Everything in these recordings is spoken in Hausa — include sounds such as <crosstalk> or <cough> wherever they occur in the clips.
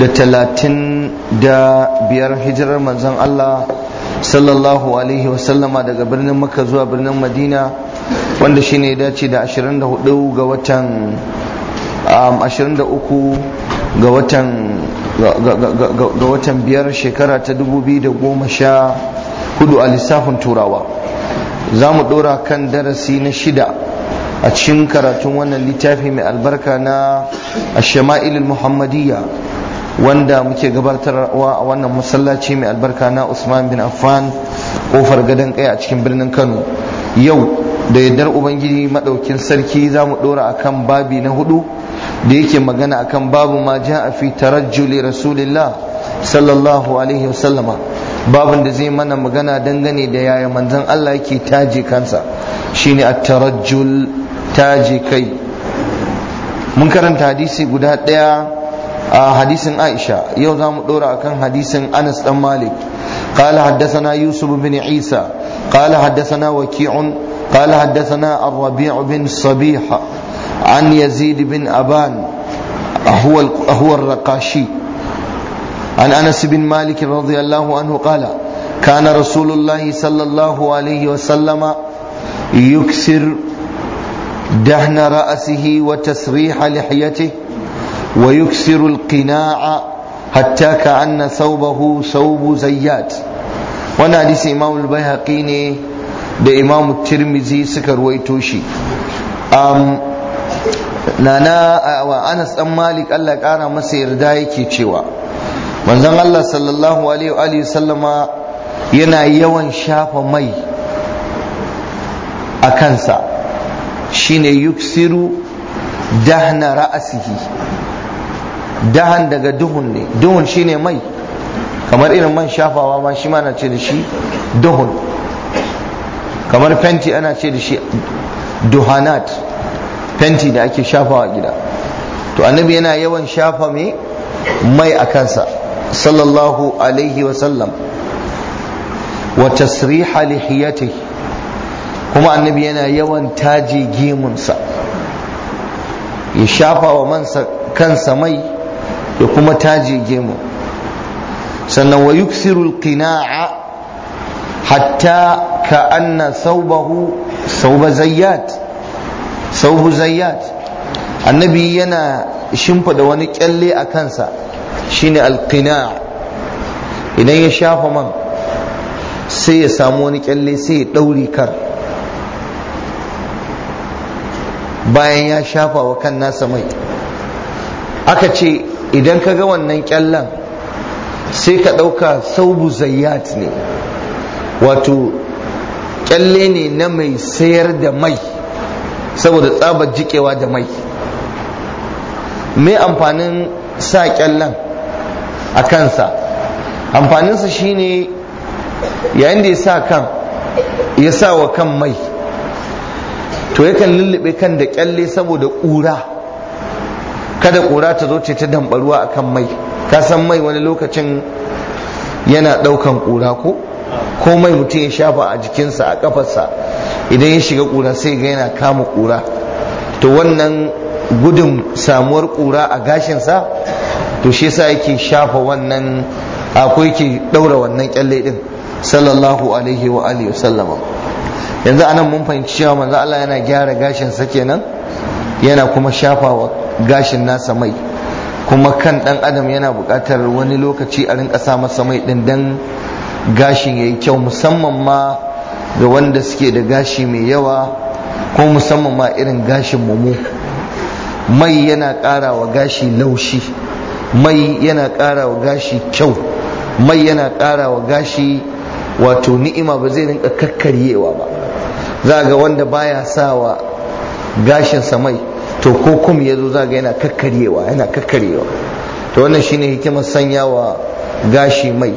da talatin da biyar hijirar manzon Allah sallallahu alaihi wasallama daga birnin maka zuwa birnin madina wanda shi ne dace da 24 ga watan 23 um, ga watan ga watan biyar shekara ta 2014 a lissafin turawa za mu dora kan darasi na shida a cikin karatun wannan littafi mai albarka na ashama'ilul muhammadiyya wanda muke gabatarwa a wannan masallaci mai albarka na Usman bin Affan kofar gadon kai a cikin birnin Kano yau da yardar ubangiji madaukin sarki za mu dora akan babi na hudu da yake magana akan babu ma a fi tarajjuli rasulillah sallallahu alaihi wasallama babin da zai mana magana dangane da yaya manzon Allah yake taje kansa shine at-tarajjul taje kai mun karanta hadisi guda ɗaya. a hadisin aisha yau zamu mu dora akan hadisin anas dan malik qala haddathana yusuf bin isa qala haddathana waqi'un qala haddathana ar bin sabiha an yazid bin aban huwa huwa ar an anas bin malik radiyallahu anhu qala kana rasulullah sallallahu alayhi wa sallam yuksir dahna ra'sihi wa tasriha lihiyatihi ويكسر القناع حتى كأن ثوبه ثوب زيات وانا حديث امام البيهقي ne da imam tirmizi suka ruwaito shi um, nana wa anas dan malik Allah masa yarda yake cewa manzon Allah sallallahu alaihi wa yana yawan shafa mai a kansa shine yuksiru dahna ra'asihi dahan daga duhun ne duhun shine mai kamar irin man shafawa ma shi ma na ce da shi duhun kamar fenti ana ce da shi duhanat fenti da ake shafawa gida to annabi yana yawan shafa mai mai a kansa sallallahu alaihi wasallam wa tasriha lihiyati kuma annabi yana yawan taji gimunsa ya shafa wa mansa kansa mai da kuma taji gemu sannan wa yuksiru qina'a hatta ka anna saubahu sauba zayyat saubu zayyat annabi yana shimfida wani kyalle a kansa shine alqina' idan ya shafa man sai ya samu wani kyalle sai ya dauri kar bayan ya shafa wa kan nasa mai aka ce idan ka ga wannan kyallan sai ka ɗauka saubu zayyat ne wato kyalle ne na mai sayar da mai saboda tsabar jikewa da mai mai amfanin sa kyallan a kansa amfaninsa shine yayin da ya sa kan ya sa wa kan mai to yakan lullube kan da kyalle saboda ƙura kada kura ta zo ce ta dambaruwa akan mai ka san mai wani lokacin yana ɗaukan kura ko ko mai mutum ya shafa a jikinsa a kafarsa idan ya shiga kura sai ga yana kama kura to wannan gudun samuwar kura a gashinsa to shi yasa yake shafa wannan akwai ke daura wannan kyalle din sallallahu alaihi wa alihi sallama yanzu anan mun fahimci cewa manzo Allah yana gyara gashin sa kenan yana kuma shafawa gashin nasa mai kuma kan dan adam yana buƙatar wani lokaci a rinka sa masa mai din dan gashin yayi kyau musamman ma ga wanda suke da gashi mai yawa ko musamman ma irin gashin mu mai yana ƙara wa gashi laushi mai yana ƙara wa gashi kyau mai yana ƙara wa gashi wato ni'ima ba zai rinka kakkaryewa ba za ga wanda baya sawa gashinsa mai to ko kum ya zo zaga yana kakkaryewa yana kakkaryewa to wannan shine hikimar sanya wa gashi mai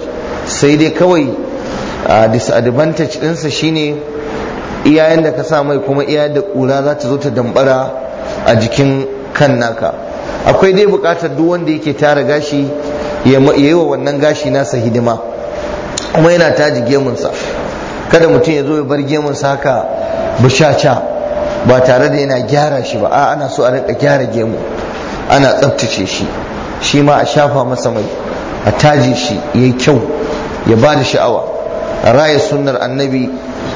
sai dai kawai a disadvantage ɗinsa shine iyayen da ka sa mai kuma iyayen da ƙura za ta zo ta dambara a jikin kan naka akwai dai buƙatar duk wanda yake tara gashi ya yi wa wannan gashi nasa hidima kuma yana taji gemunsa kada mutum ya zo ya bar gemunsa haka bishaca ba tare da yana gyara shi ba a ana so a rika gyara gemu ana tsabtace shi shi ma a shafa masa mai a taje shi yayi kyau ya ba da sha'awa a raya sunnar annabi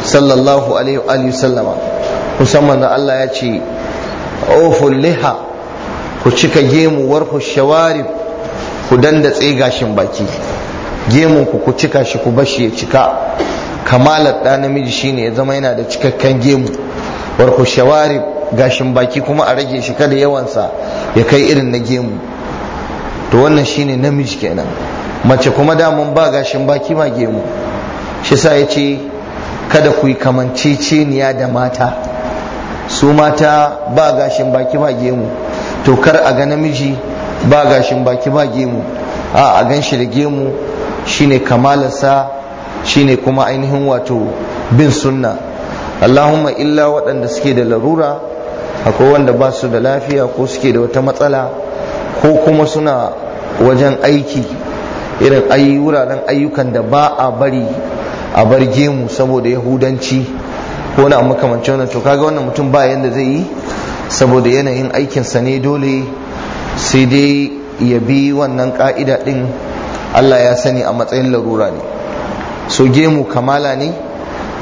sallallahu alaihi wa sallama musamman da Allah ya ce oful liha ku cika gemu warku shawarif ku danda gashin baki gemun ku ku cika shi ku bashi ya cika kamalar ɗa namiji shine ya zama yana da cikakken gemu warku shawari gashin baki kuma a rage shi kada yawansa ya kai irin na gemu to wannan shine namiji kenan mace kuma damun ba gashin baki ma gemu shi sa ya ce kada ku yi kamanceceniya da mata su mata ba gashin baki ba gemu to kar a ga namiji ba gashin baki ba gemu a a gan shi da gemu shine kamalarsa shine kuma ainihin wato bin sunna Allahumma illa waɗanda suke da larura akwai wanda ba su da lafiya ko suke da wata matsala ko kuma suna wajen aiki irin wuraren ayyukan da ba a bari a bar gemu saboda yahudanci ko na makamanci wannan to kaga wannan mutum ba yanda zai yi saboda yanayin aikinsa ne dole sai dai ya bi wannan ka'ida ɗin. Allah ya sani a matsayin larura ne so gemu kamala ne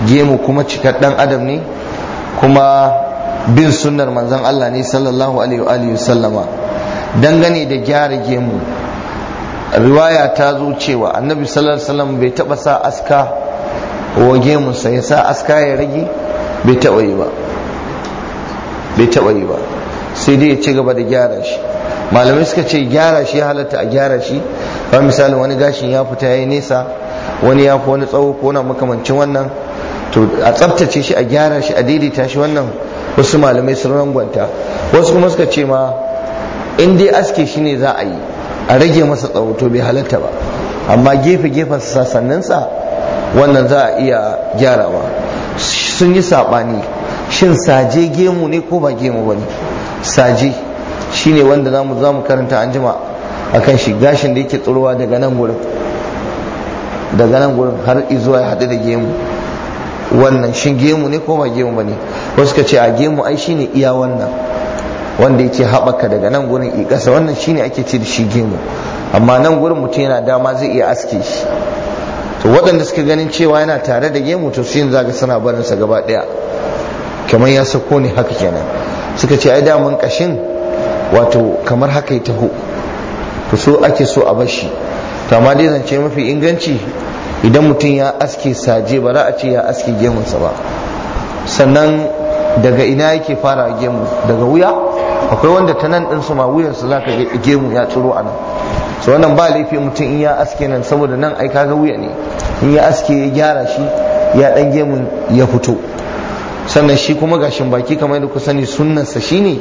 gemu kuma cikar dan adam ne kuma bin sunnar manzan Allah ne sallallahu alaihi wa sallama dangane da gyara gemu riwaya ta zo cewa annabi sallallahu alaihi wasallam bai taba sa aska wa gemunsa ya sa aska ya rage bai taba yi ba bai taba yi ba sai dai ya ci gaba da gyara shi malamai suka ce gyara shi halatta a gyara shi ba misali wani gashin ya fita ya yi nesa wani ya fi wani tsawo ko na makamancin wannan to a tsabtace shi a gyara shi a daidaita shi wannan wasu malamai sun rangwanta wasu kuma suka ce ma in dai aske shi ne za a yi a rage masa tsawo to bai halatta ba amma gefe gefen sassaninsa wannan za a iya gyarawa sun yi saɓani shin saje gemu ne ko ba gemu ba ne saje shine wanda za mu karanta an jima a kan shi gashin da yake tsirowa daga nan gurin daga nan gurin har izuwa ya haɗu da gemu wannan shin gemu ne ko ba gemu ba ne wasu ka ce a gemu ai shine iya wannan wanda yake haɓaka daga nan gurin ƙasa wannan shine ake ce da shi gemu amma nan gurin mutum yana dama zai iya aske shi to waɗanda suka ganin cewa yana tare da gemu to su yin zaga suna barin sa gaba ɗaya kamar ya sako ne haka kenan suka ce ai damun ƙashin wato kamar haka ya taho to so ake so a bashi to amma dai zance mafi inganci idan mutum ya aske saje ba za a ce ya aske gemunsa ba sannan daga ina yake fara gemu daga wuya akwai wanda ta nan ɗinsu ma wuyansu za ka gemu ya tsiro a nan su wannan ba laifi mutum in ya aske nan saboda nan ai kaga wuya ne in ya aske ya gyara shi ya ɗan gemun ya fito sannan shi kuma gashin baki kamar yadda ku sani sunnarsa ne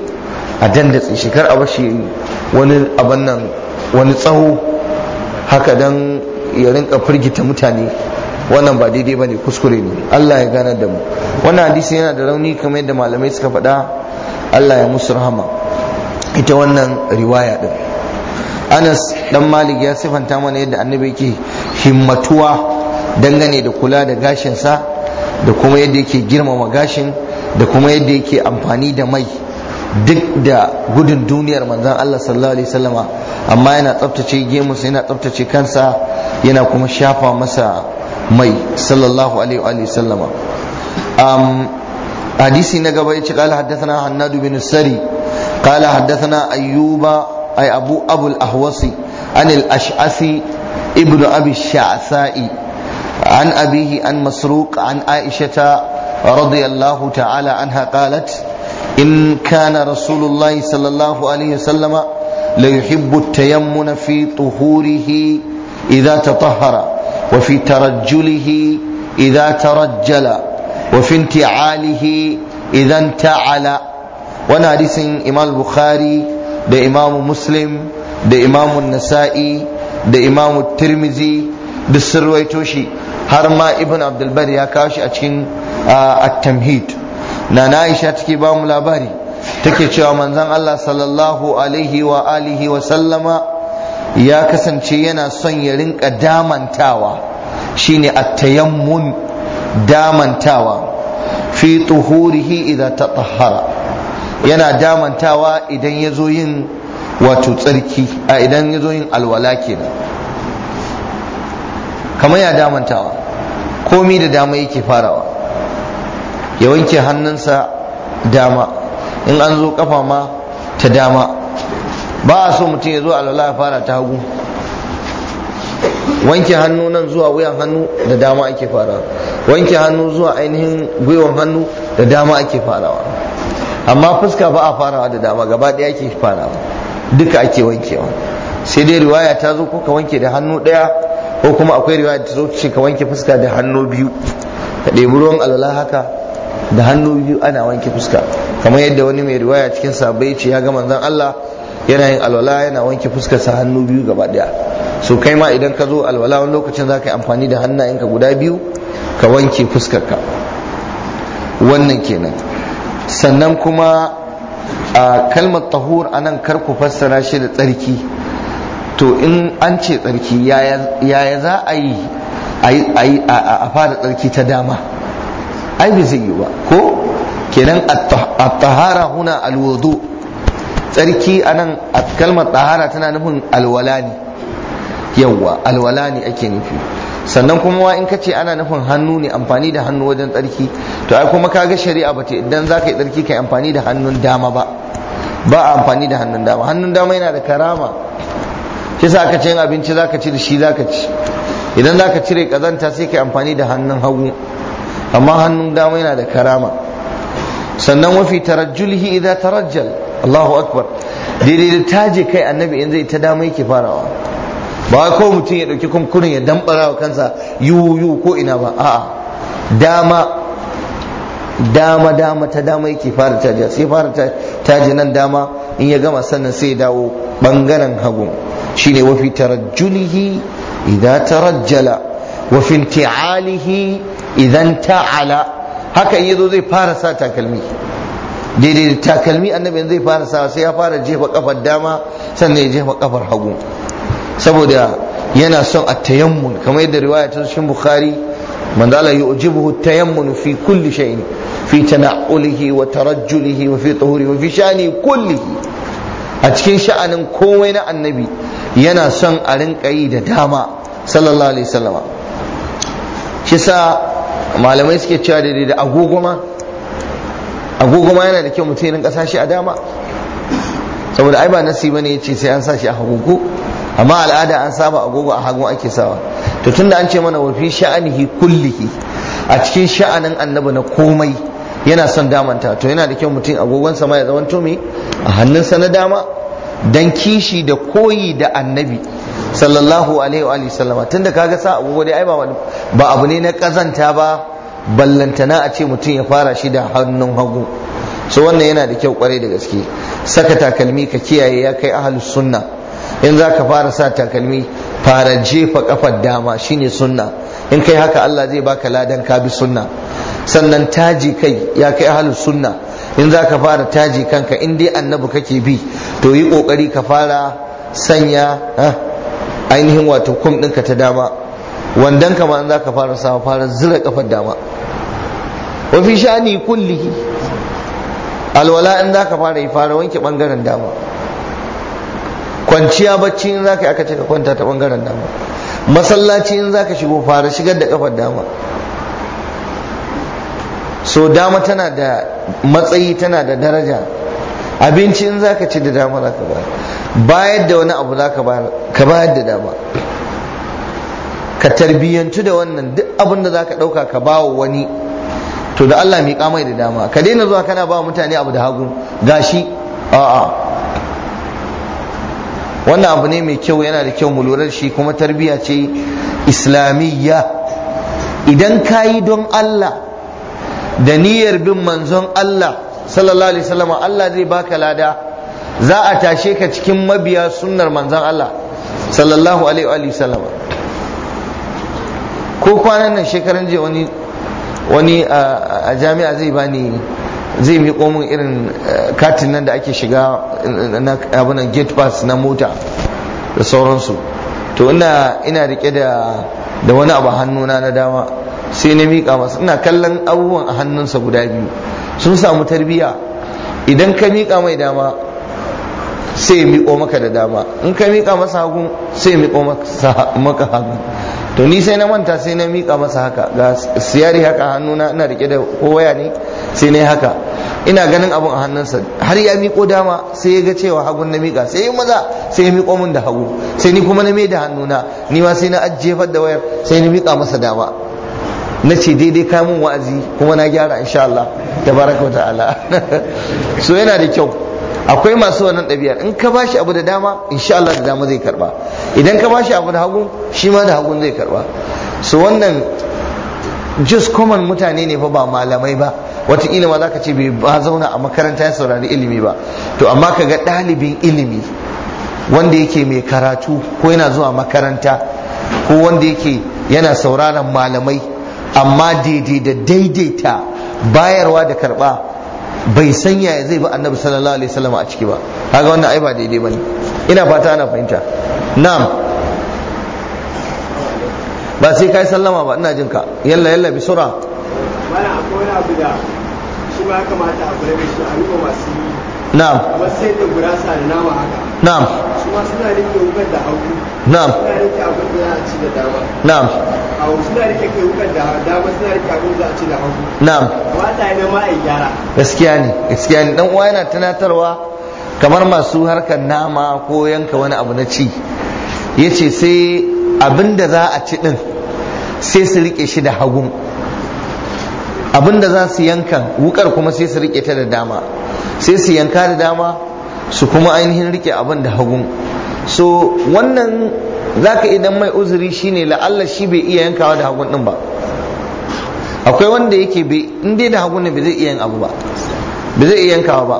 a dandatse shekar a bashi wani abannan wani tsawo haka dan ya rinka firgita mutane wannan ba daidai ba ne, kuskure ne Allah ya gana da mu wannan hadisi yana da rauni kamar yadda malamai suka faɗa Allah ya musu rahama ita wannan riwaya ɗin. Anas dan Malik ya sifanta mana yadda annabi yake himmatuwa dangane da kula da gashin sa da kuma yadda yake girmama gashin da kuma yadda yake amfani da mai duk da gudun duniyar manzan Allah sallallahu alaihi wasallama amma yana tsabtace gemus yana tsabtace kansa yana kuma shafa masa mai sallallahu alaihi wa sallama hadisi na gaba ce qala haddathana hannadu bin sari qala haddathana ayyuba ay abu abul ahwasi Anil, ashasi ibnu abi sha'sa'i an abihi an masruq an aisha radiyallahu ta'ala anha qalat إن كان رسول الله صلى الله عليه وسلم ليحب التيمن في طهوره إذا تطهر وفي ترجله إذا ترجل وفي انتعاله إذا انتعل وانا حديث إمام البخاري ده إمام مسلم ده إمام النسائي ده إمام الترمذي ده السرويتوشي هرما ابن عبد البر يا كاش أتشين التمهيد na Aisha take ba mu labari take cewa manzon Allah sallallahu alaihi wa alihi wa sallama ya kasance yana son ya rinka damantawa shine at-tayammun damantawa fi tuhurihi idza tatahhara yana damantawa idan ya zo yin wato tsarki a idan yazo yin alwala kenan kamar ya damantawa komi da dama yake farawa ya wanke hannunsa dama in an zo kafa ma ta dama ba a so mutum ya zo alwala ya fara ta hagu wanke hannu nan zuwa wuyan hannu da dama ake farawa wanke hannu zuwa ainihin gwiwan hannu da dama ake farawa amma fuska ba a farawa da dama gaba ɗaya ake farawa duka ake wankewa sai dai riwaya ta zo ko ka wanke da hannu ɗaya ko kuma akwai riwaya ta zo ce ka wanke fuska da hannu biyu ka ɗebi ruwan alwala haka da hannu biyu ana wanke fuska kamar yadda wani mai riwaya cikin sabai ce ya ga manzon Allah yana yin alwala yana wanke fuskarsa hannu biyu gaba daya so kai ma idan ka zo alwala wani lokacin za ka yi amfani da hannayenka guda biyu ka wanke fuskar ka. wannan kenan sannan kuma a kalmar tahur a nan kar ku fassara shi da tsarki to in an ce tsarki yaya za a yi a fara tsarki ta dama ai bai zai ba ko kenan at-tahara huna al-wudu tsarki anan kalmar tahara tana nufin alwala ne yawwa alwala ne ake nufi sannan kuma wa in ka ce ana nufin hannu ne amfani da hannu wajen tsarki to ai kuma kaga shari'a ba ce idan za ka yi tsarki ka yi amfani da hannun dama ba ba a amfani da hannun dama hannun dama yana da karama shi sa aka ce abinci za ka ci da shi za ka ci idan za ka cire kazanta sai ka yi amfani da hannun hagu amma hannun dama yana da karama sannan wafi tarajjulihi idza tarajjal Allahu akbar daidai da taje kai annabi in zai ta dama yake farawa ba ko mutum ya dauki kunkunin ya dambara wa kansa yuyu ko ina ba a'a dama dama dama ta dama yake fara taje sai fara taje nan dama in ya gama sannan sai ya dawo bangaren hagu shine wafi tarajjulihi idza tarajjala wafin inti'alihi idan ta'ala haka in yazo zai fara sa takalmi daidai da takalmi annabi zai fara sa sai ya fara jefa kafar dama sannan ya jefa kafar hagu saboda yana son a tayammun kamar yadda riwaya ta shi bukhari manzo Allah yujibuhu tayammun fi kulli shay'in fi tana'ulihi wa tarajjulihi wa fi wa fi shani kullihi a cikin sha'anin komai na annabi yana son a rinkayi da dama sallallahu alaihi wasallama shi sa malamai suke cewa daidai da agogoma agogoma yana da kyau mutum rinka shi a dama saboda ai ba nasi ne yace sai an sashi a hagu amma al'ada an saba agogo a hagu ake sawa to tunda an ce mana wa fi sha'anihi kullihi a cikin sha'anin annabi na komai yana son damanta to yana da kyau mutum agogon sama ya zamanto me a hannunsa na dama dan kishi da koyi da annabi sallallahu alaihi wa alihi sallama tunda kaga sa abu dai ai ba ba abu ne na kazanta ba ballantana a ce mutum ya fara shi da hannun hagu so wannan yana da kyau kwarai da gaske saka takalmi ka kiyaye ya kai ahlus sunna in za ka fara sa takalmi fara jefa kafar dama shine sunna in kai haka Allah zai baka ladan ka bi sunna sannan taji kai ya kai ahlus sunna in za ka fara taji kanka in dai annabi kake bi to yi kokari ka fara sanya ainihin wato kum ɗinka ta dama wandan ka ma an zaka fara sawa fara zira kafar dama wa fi sha'ani kulli alwala in zaka fara yi fara wanke bangaren dama kwanciya bacci in zaka aka ce ka kwanta ta bangaren dama masallaci in zaka shigo fara shigar da kafar dama so dama tana da matsayi tana da daraja abinci in zaka ci da dama zaka ba bayar da wani abu za ka bayar da dama ka tarbiyyantu da wannan duk abin da za ka ɗauka ka ba wani to da Allah mai kamai da dama ka daina zuwa kana ba mutane abu da hagu gashi a'a wannan abu ne mai kyau yana da kyau mu lura shi kuma tarbiyya ce islamiyya idan ka yi don Allah da niyyar bin manzon Allah sallallahu alaihi wasallam Allah zai baka lada za a tashe ka cikin mabiya sunnar manzan Allah sallallahu alaihi wa salama. ko kwanan nan shekaran je wani a jami'a zai bani zai miƙo min irin eh, katin nan da ake shiga eh, na abunan gate pass na mota da sauransu to ina ina rike da da wani abu hannuna na dama sai na miƙa masa ina kallon abubuwan a hannunsa guda biyu sun samu tarbiyya idan ka miƙa mai dama sai ya miƙo maka da dama in ka miƙa masa hagu sai ya miƙo maka <laughs> hagu to ni sai na manta sai na miƙa masa haka ga siyari haka hannuna ina rike da waya ne sai na haka ina ganin abun a hannunsa har ya miƙo dama sai ya ga cewa hagun na miƙa sai ya maza sai ya miƙo min da hagu sai ni kuma na mai da hannuna ni ma sai na ajjefar da wayar sai na miƙa masa dama na ce daidai kamun wa'azi kuma na gyara insha Allah tabaraka wa ta'ala <laughs> so yana da kyau akwai masu wannan ɗabi'ar in ka bashi abu da dama insha Allah da dama zai karba idan ka bashi abu da hagu shi ma da hagu zai karba su wannan just common mutane ne fa ba malamai ba wataƙila ma zaka ce bai ba zauna a makaranta ya saurari ilimi ba to amma ka ga ɗalibin ilimi wanda yake mai karatu ko yana zuwa makaranta ko wanda yake yana sauraron malamai amma daidai da daidaita bayarwa da karba bai san yaya zai bi annabi sallallahu alaihi wasallam a ciki ba kaga wannan ai ba daidai bane ina fata ana fahimta na'am ba sai kai sallama ba ina jin ka yalla yalla bi sura wala akwai wani abu da shi ba kamata a kula shi a ba masu na'am wasu yadda gurasa da nama haka na'am su ma suna da hagu na'am ci da dama na'am wasu suna wukan da dama suna a ci da hagu na'am ta yi na gaskiya ne gaskiya ne dan uwa yana tunatarwa kamar masu harkar nama ko yanka wani abu na ci yace sai abin da za a ci din sai su rike shi da hagun abin da za su yankan wukar kuma sai su rike ta da dama sai su yanka da dama su kuma ainihin rike abin da hagun so wannan zaka idan mai uzuri shine la'alla shi bai iya yankawa da hagun din ba akwai wanda yake bai in dai da hagun ne bai zai iya yin abu ba bai zai iya yankawa ba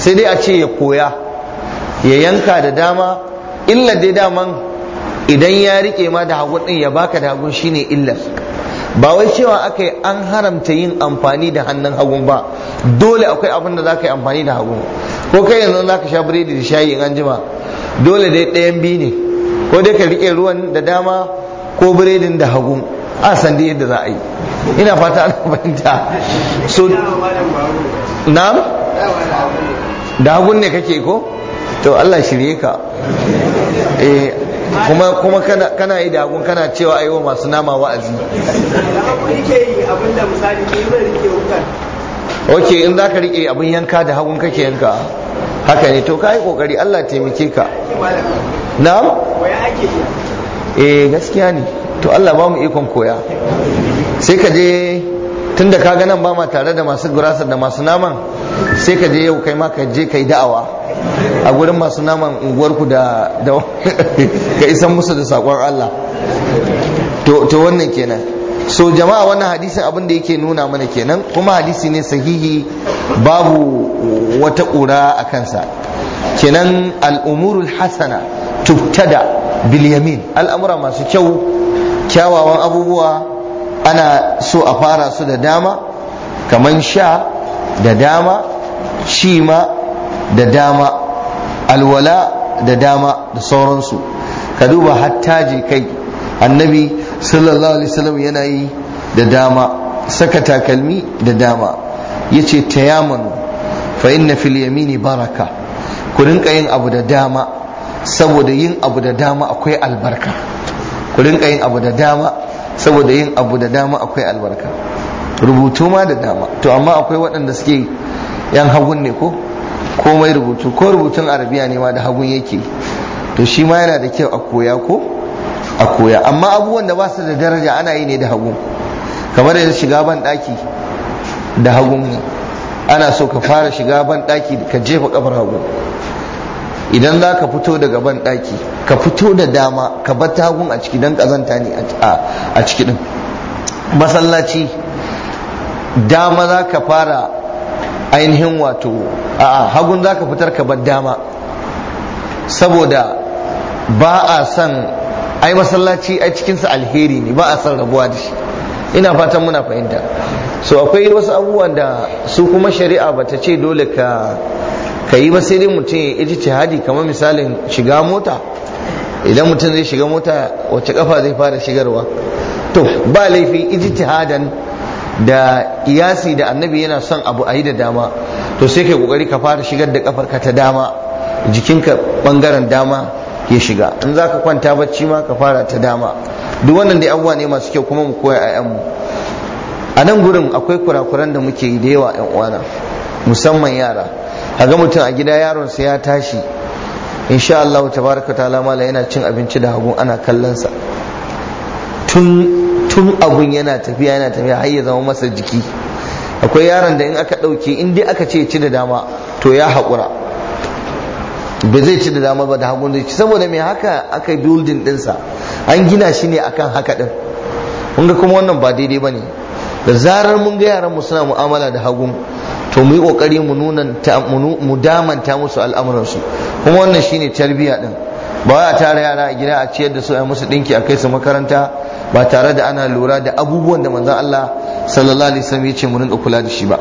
sai dai a ce ya koya ya yanka da dama illa dai daman idan ya rike ma da hagun din ya baka da hagun shine illar ba wai cewa aka yi an haramta yin amfani da hannun hagu ba dole akwai abin da za ka yi amfani da hagu ko kai yanzu za ka sha biredi da shayi in an jima dole dai ɗayan biyu ne ko dai ka riƙe ruwan da dama ko biredin da hagu a sandi yadda za a yi ina fata ana fahimta so na'am da hagun ne kake ko to Allah shirye ka eh, kuma kuma kana kana yi dagun kana cewa ayi wa masu nama wa'azi ok in za ka rike abin yanka da hagun kake yanka haka ne to ka yi kokari Allah taimake ka na'am eh gaskiya ne to Allah ba mu ikon koya sai ka je tunda ka ga nan ba ma tare da masu gurasar da masu naman sai ka je yau kai ma ka je kai da'awa a gurin masu naman unguwarku da ka isan musu da sakon Allah to wannan kenan so jama'a wannan hadisin abin yake nuna mana kenan kuma hadisi ne sahihi babu wata ƙura a kansa kenan al'umurul hasana tubtada bilyamin al'amura masu kyau kyawawan abubuwa ana so a fara su da dama kamar sha da dama shi ma da dama alwala da dama da sauransu ka duba hattaji kai annabi sallallahu alaihi wasallam yana yi da dama saka takalmi da dama yace tayamanu fa inna fil yamini baraka ku rinka yin abu da dama saboda yin abu da dama akwai albarka ku rinka yin abu da dama saboda yin abu da dama akwai albarka rubutu ma da dama to amma akwai waɗanda suke yan hagun ne ko komai rubutu ko rubutun arabiya ne ma da hagun yake to shi ma yana da kyau a koya ko a koya amma abubuwan da ba su da daraja ana yi ne da hagu kamar yanzu shiga ban daki da hagun ne ana so ka fara shiga ban daki ka jefa kafar hagu idan za ka fito daga ban daki ka fito da dama ka bar ta hagun a ciki don kazanta ne a ciki din masallaci dama za ka fara ainihin wato a'a hagun ka fitar ka bar dama saboda ba a son ai masallaci ai cikinsa alheri ne ba a son rabuwa da shi ina fatan muna fahimta so akwai wasu abubuwan da su kuma shari'a ba ta ce dole ka ka yi ba sai dai mutum ya iji hadi kamar misalin shiga mota idan mutum zai shiga mota wacce kafa zai fara shigarwa to ba laifi iji hadan da Iyasi da annabi yana son abu a yi da dama to sai kai kokari ka fara shigar da kafarka ta dama jikinka bangaren dama ya shiga in za ka kwanta bacci ma ka fara ta dama duk wannan dai abubuwa ne masu kyau kuma mu koya a 'yanmu, a nan gurin akwai kurakuran da muke yi da yawa yan uwana musamman yara a ga mutum a gida yaronsa ya tashi insha Allah tabaraka ta'ala mala yana cin abinci da hagu ana kallon sa tun tun abun yana tafiya yana tafiya har ya zama masa jiki akwai yaron da in aka ɗauke in dai aka ce ci da dama to ya haƙura ba zai ci da dama ba da hagun zai ci saboda mai haka aka building ɗinsa an gina shi ne akan haka din. mun ga kuma wannan ba daidai ba ne da zarar mun ga yaran mu suna mu'amala da hagun to mu yi ƙoƙari mu nuna mu damanta musu al'amuransu kuma wannan shine tarbiyya din. ba wai a tara yara a gida a ciyar da su a musu ɗinki a kai su makaranta ba tare da ana lura da abubuwan da manza Allah sallallahu alaihi wasallam yace mu rinka kula da shi ba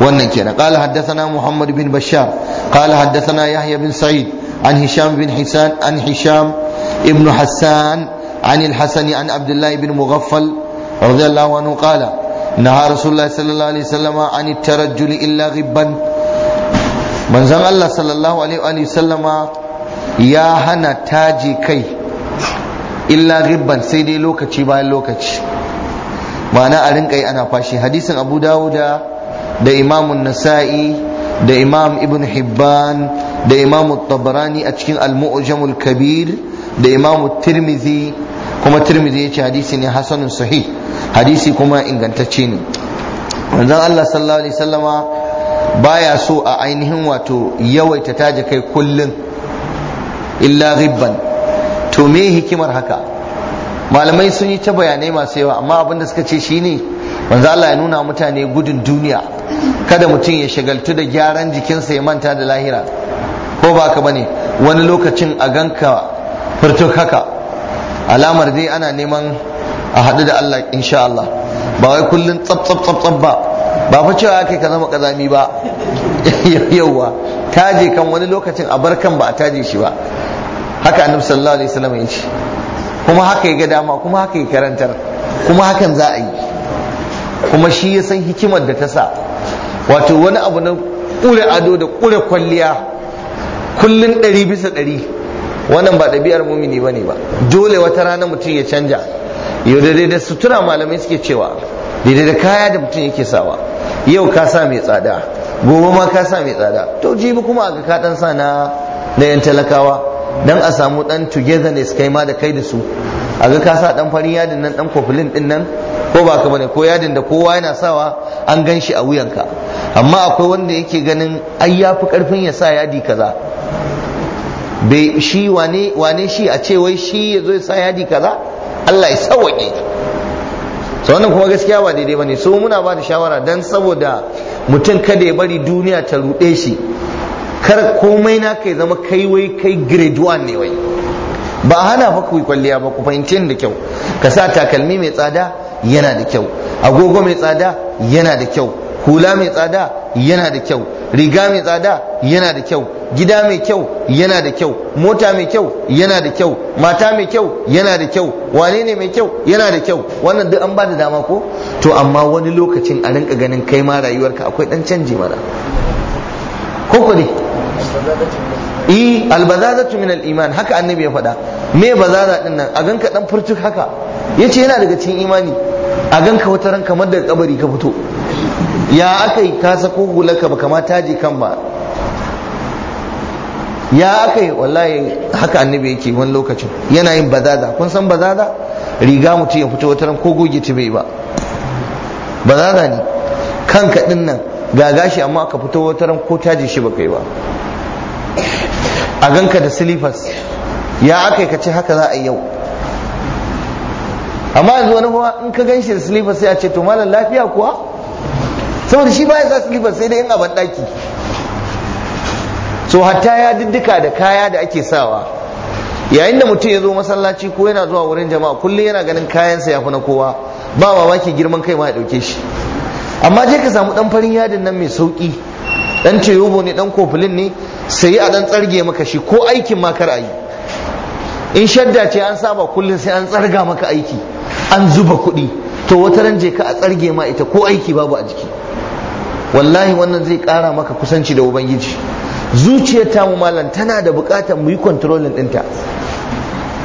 wannan kenan qala haddathana muhammad bin bashar qala haddathana yahya bin sa'id an hisham bin hisan an hisham ibn hassan an al-hasan an abdullah ibn mughaffal radiyallahu anhu qala naha rasulullah sallallahu alaihi wasallam an at-tarajjul illa ghibban manzon Allah sallallahu alaihi wasallama ya hana taji kai illa ribban sai dai lokaci bayan lokaci ma'ana a rinka yi ana fashi hadisin abu dawuda da imamun nasa'i da imam ibn hibban da imam tabarani a cikin al-mu'jamul kabir da imam tirmizi kuma tirmizi ya ce hadisi ne hasanun sahih hadisi kuma ingantacce ne manzon Allah sallallahu alaihi sallama baya so a ainihin wato yawaita taje kai kullun illa ribban to me hikimar haka malamai sun yi ta bayanai masu yawa amma abin da suka ce shine manzo Allah ya nuna mutane gudun duniya kada mutum ya shagaltu da gyaran jikinsa ya manta da lahira ko ba ka bane wani lokacin a ganka furtuk haka alamar dai ana neman a haɗu da Allah insha Allah ba wai kullun tsab tsab tsab tsab ba ba fa cewa kai ka zama kazami ba <laughs> yauwa taje kan wani lokacin a barkan ba a taje shi ba haka annabi sallallahu alaihi wasallam ya ce kuma haka ya ga dama kuma haka ya karantar kuma hakan za a yi kuma shi ya san hikimar da ta sa wato wani abu na ƙure ado da ƙure kwalliya kullum ɗari bisa ɗari wannan ba ɗabi'ar mumini ba ne ba dole wata rana mutum ya canja yau da da sutura malamai suke cewa daidai da kaya da mutum yake sawa yau ka sa mai tsada gobe ma ka sa mai tsada to jibi kuma ga ka sa na na yan talakawa dan a samu dan togetherness kai ma da kai da su a ga ka sa dan farin yadin nan dan kofilin din nan ko ba ka bane ko yadin da kowa yana sawa an gan shi a ka. amma akwai wanda yake ganin ai ya fi karfin ya sa yadi kaza bai shi wane wane shi a ce wai shi ya ya sa yadi kaza Allah ya sawwake so wannan kuma gaskiya ba daidai bane so muna ba da shawara dan saboda mutum kada ya bari duniya ta ruɗe shi kar komai na kai zama kai wai kai grade 1 ne wai ba hana fa ku kwalliya ba ku fahimci da kyau ka sa takalmi mai tsada yana da kyau agogo mai tsada yana da kyau hula mai tsada yana da kyau riga mai tsada yana da kyau gida mai kyau yana da kyau mota mai kyau yana da kyau mata mai kyau yana da kyau wane ne mai kyau yana da kyau wannan duk an ba da dama ko to amma wani lokacin a rinka ganin kai ma rayuwarka akwai dan canji mana ko eh albazazatu min al-iman haka annabi ya faɗa me bazaza din nan a ganka dan furtuk haka yace yana daga cikin imani a ganka wata ran kamar daga kabari ka fito ya aka yi ka sako hularka ba kama taje kan ba ya aka yi wallahi haka annabi yake wani lokacin yana yin bazaza kun san bazaza riga mutum ya fito wata ran ko goge ta bai ba bazaza ne kanka din nan ga gashi amma ka fito wata ran ko taje shi ba kai ba a ganka da silifas ya aka ka ce haka za a yau amma yanzu wani kuma in ka ganshi da silifas sai a ce to malam lafiya kuwa saboda shi baya sa silifas sai dai in a banɗaki so hatta ya diddika da kaya da ake sawa yayin da mutum ya zo masallaci ko yana zuwa wurin jama'a kullum yana ganin kayansa ya fi na kowa ba mamaki girman kai ma ya ɗauke shi amma je ka samu ɗan farin yadin nan mai sauƙi dan tiyubu ne dan kofilin ne sai a dan tsarge maka shi ko aikin ma kar a in shadda ce an saba kullum sai an tsarga maka aiki an zuba kuɗi to wata ran je ka a tsarge ma ita ko aiki babu a jiki wallahi wannan zai ƙara maka kusanci da ubangiji zuciyar ta mu malam tana da buƙatar mu yi controlling ɗinta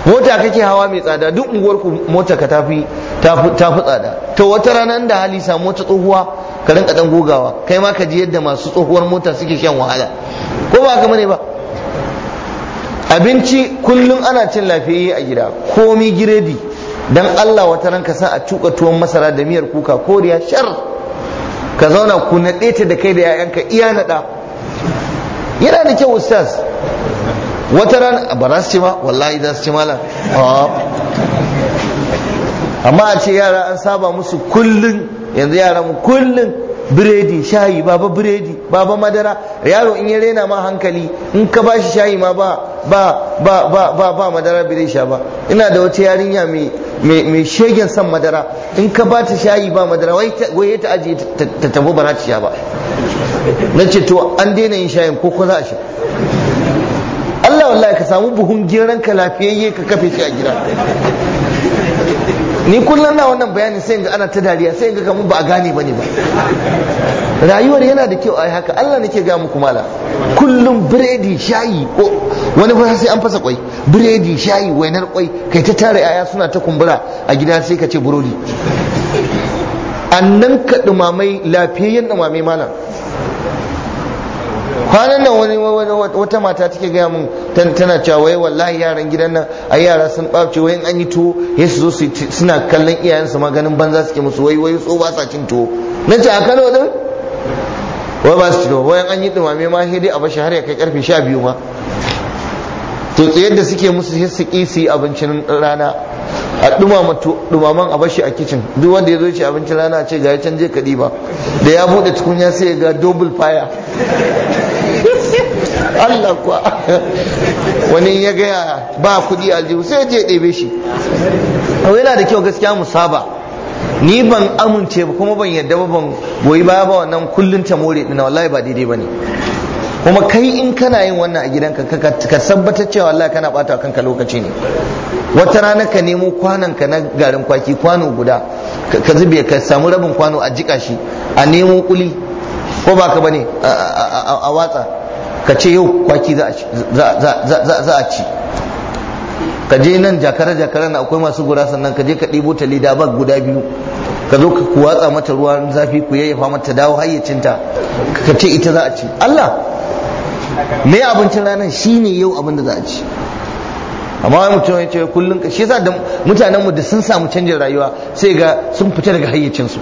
mota kake hawa mai tsada duk unguwar ku mota ka tafi tafi tsada to wata ranar da hali samu mota tsohuwa ka rinka dan gogawa kai ma ka ji yadda masu tsohuwar mota suke shan wahala ko ba haka bane ba abinci kullum ana cin lafiyayye a gida komi giredi dan Allah wata ran ka sa a tuka tuwon masara da miyar kuka koriya shar ka zauna ku naɗe ta da kai da 'ya'yanka iya naɗa yana da kyau ustaz wata rana ah, ba za su ce ma wallahi za su ce malam ah. amma a ce yara an saba musu kullun yanzu yara mu kullun biredi shayi baba biredi baba madara yaro in ya rena ma hankali in ka ba shi shayi ma ba ba ba ba ba ba madara bai sha ba ina da wata yarinya mai mai shegen son madara in ka ba ta shayi ba madara wai wai ta aje ta tabo ba za ta sha ba nace to an daina yin shayin ko ko a sha Allah ka samu buhun geran ka lafiyayye ka kafe shi a gida ni kullum na wannan bayanin sai ga ana ta dariya sai ga kamar ba a gane bane ba rayuwar yana da kyau a yi haka Allah nake ga muku mala kullum biredi shayi ko wani fa sai an fasa kwai biredi shayi wainar kwai kai ta tare yaya suna ta kumbura a gida sai ka ce burodi annan ka dumamai lafiyayyen dumamai malam kwanan nan wani wata mata take gaya mun tana cewa wai wallahi yaran gidan nan ai yara sun bace wai an yi tuwo ya su zo suna kallon iyayensu ma ganin banza suke musu wai wai so ba sa cin tuwo na ce a Kano din wai ba su ci tuwo wai an yi dumame ma sai dai a bashi har ya kai karfe 12 ma to tsayar da suke musu sai su ki su yi abincin rana a dumama dumaman a bashi a kicin duk wanda ya zo ci abincin rana ce ga ya canje kadi ba da ya bude tukunya sai ya ga double fire Allah kuwa wani ya gaya ba kudi aljihu sai je ɗebe shi a yana da kyau gaskiya mu saba ni ban amince ba kuma ban yadda ba ban goyi baya ba wannan kullun ta more dina wallahi ba daidai bane kuma kai in kana yin wannan a gidanka ka tabbatar cewa wallahi kana bata kanka lokaci ne wata rana ka nemo kwanan ka na garin kwaki kwano guda ka zube ka samu rabin kwano a jika shi a nemo kuli ko ba ka bane a watsa ka ce yau kwaki za a ci ka je nan jakare jakare na akwai masu gura sannan ka je ka ɗibo ta leda ba guda biyu ka zo ku watsa mata ruwan zafi ku yayyafa mata dawo hayyacinta ka ce ita za a ci Allah me abincin ranar shi ne yau abin da za a ci amma wani mutum ya ce kullum shi yasa da mutanenmu da sun samu canjin rayuwa sai ga sun fita daga hayyacinsu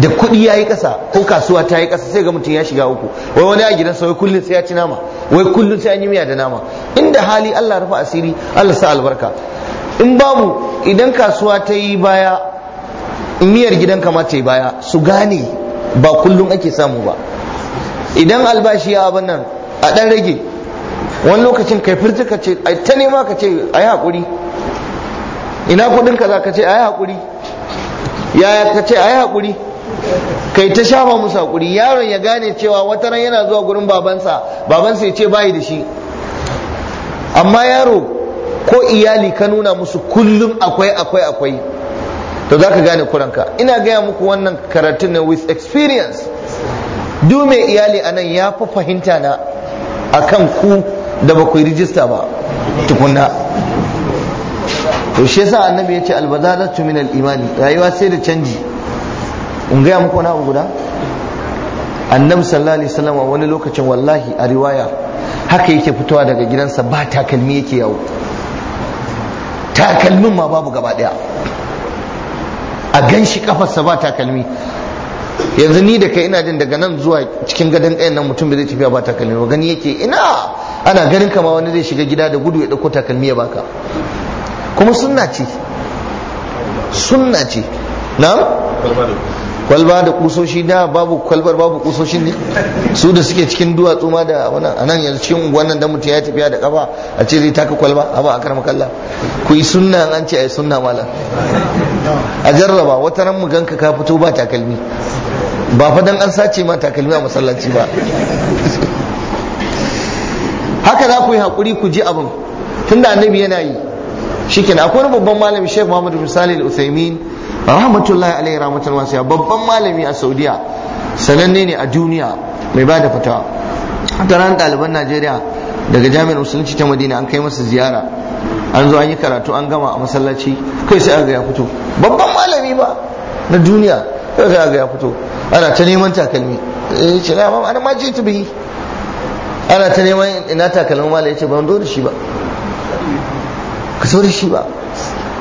da kuɗi ya yi ƙasa ko kasuwa ta yi ƙasa sai ga mutum ya shiga uku wai wani a gidansa wai kullum sai ya ci nama wai kullum sai an yi miya da nama inda hali Allah rufa asiri Allah sa albarka in babu idan kasuwa ta yi baya miyar gidan kama ta yi baya su gane ba kullum ake samu ba idan albashi ya abin nan a ɗan rage wani lokacin kai furta ka ce ta nema ka ce a yi haƙuri ina kuɗin ka za ka ce a yi haƙuri yaya ka ce a yi haƙuri kai ta shafa musu hakuri yaron ya gane cewa wata ran yana zuwa gurin babansa babansa ya ce bayi da shi amma yaro ko iyali ka nuna musu kullum akwai akwai akwai to za ka gane kuranka ina gaya muku wannan karatun na with experience duk mai iyali nan ya fi fahimta na akan ku da ba ku yi rijista ba tukunna to shi yasa annabi ya ce albazalatu min al-imani rayuwa sai da canji in gaya muku na abu guda annabi sallallahu alaihi wasallam wani lokacin wallahi a riwaya haka yake fitowa daga gidansa ba takalmi yake yawo takalmin ma babu gaba daya a gan shi kafarsa ba takalmi yanzu ni da kai ina jin daga nan zuwa cikin gadon ɗayan nan mutum bai zai tafiya ba takalmi ba gani yake ina ana ganin kama wani zai shiga gida da gudu ya ɗauko takalmi ya baka kuma sunna ce sunna ce na'am kwalba da kusoshi da babu kwalbar babu kusoshin ne su da suke cikin duwatsu ma da wannan anan yanzu cikin wannan dan mutum ya tafiya da kafa a ce zai taka kwalba a ba a karma kalla ku yi sunna an ce ai sunna malam a jarraba wata ran mu ganka ka fito ba takalmi ba fa dan an sace ma takalmi a masallaci ba haka za ku yi hakuri ku ji abin tunda annabi yana yi shikenan akwai wani babban malami Sheikh Muhammad Musali Al-Utsaimin rahmatullahi alaihi rahmatul wasiya babban malami a saudiya sananne ne a duniya mai ba da fatawa ta ran ɗaliban najeriya daga jami'ar musulunci ta madina an kai masa ziyara an zo an yi karatu an gama a masallaci kai sai aga ya fito babban malami ba na duniya kai sai aga ya fito ana ta neman takalmi eh ce na ana ma jitu bihi ana ta neman ina takalmi malami yace ban zo da shi ba ka zo da shi ba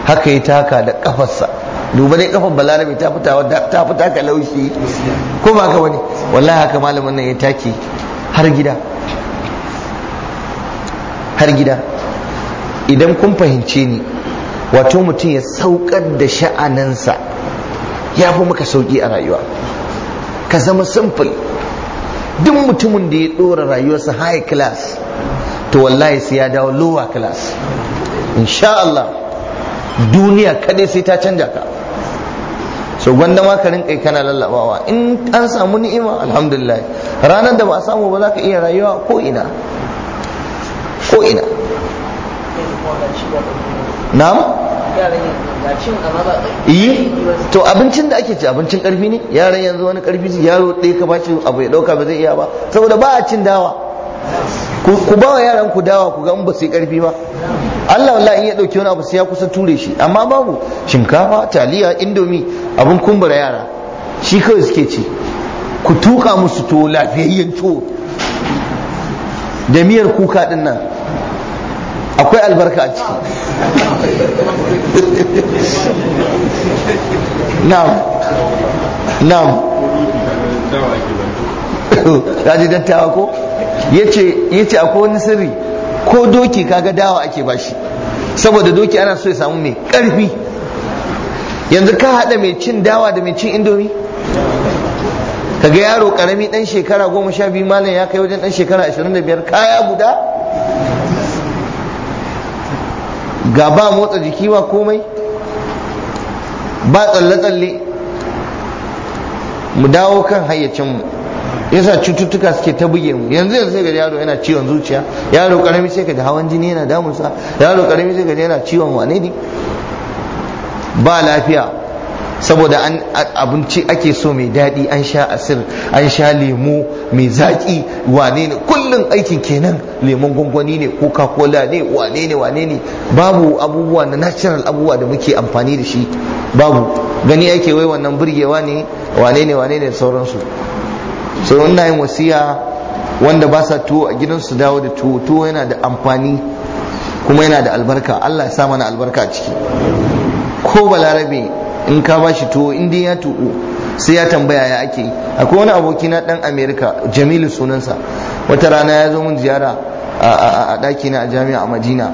haka ya taka da kafarsa duba dai kafan balarabe ta fita ta fita ka laushi ko ba ka wani wallahi haka malamin nan ya take har gida har gida idan kun fahimce ni wato mutum ya saukar da sha'aninsa ya fi muka sauki a rayuwa ka zama simple duk mutumin da ya dora rayuwarsa high class to wallahi sai ya dawo lower class insha Allah duniya kadai sai ta canja ka so gwanda ma ka rinka kana lallabawa in an samu ni'ima alhamdulillah ranar da ba a samu ba za ka iya rayuwa ko ina ko ina yi to abincin da ake ci abincin karfi ne yaran yanzu wani karfi yaro ɗaya ka bashi abu ya ɗauka ba zai iya ba saboda ba a cin dawa ku ba wa yaran ku dawa ku ga ba su yi karfi ba Allah wallahi in ya dauki wani abu sai ya kusa ture shi amma babu shinkafa taliya indomi abun kumbura yara shi kawai suke ci ku tuka musu to lafiyayyen to da miyar kuka din nan akwai albarka a ciki na'am na'am daji <laughs> dattawa ko Ya ce akwai wani sirri ko doki kaga dawa ake bashi saboda doki ana so ya samu mai karfi yanzu ka haɗa mai cin dawa da mai cin indomi kaga yaro karami dan shekara goma sha biyu malam ya kai wajen dan shekara ashirin da biyar kaya guda ga ba motsa jiki ba komai ba tsalle-tsalle mu dawo kan hayyacinmu yasa cututtuka suke ta buge mu yanzu yanzu sai ga yaro yana ciwon zuciya yaro karami sai ga hawan jini yana sa yaro karami sai ga yana ciwon wane ne ba lafiya saboda an abinci ake so mai daɗi an sha asir an sha lemu mai zaƙi wane ne kullum aikin kenan lemon gwangwani ne coca cola ne wane ne wane ne babu abubuwa na natural abubuwa da muke amfani da shi babu gani ake wai wannan burgewa ne wane ne wane ne sauransu so ina yin wasiya wanda ba sa tuwo a gidan gidansu dawo da tuwo tuwo yana da amfani kuma yana da albarka Allah ya sa mana albarka a ciki ko balarabe in ka bashi tuwo in dai ya tuwo sai ya tambaya ya ake yi akwai wani aboki na dan America Jamilu sunansa wata rana ya zo mun ziyara a daki na a jami'a a Madina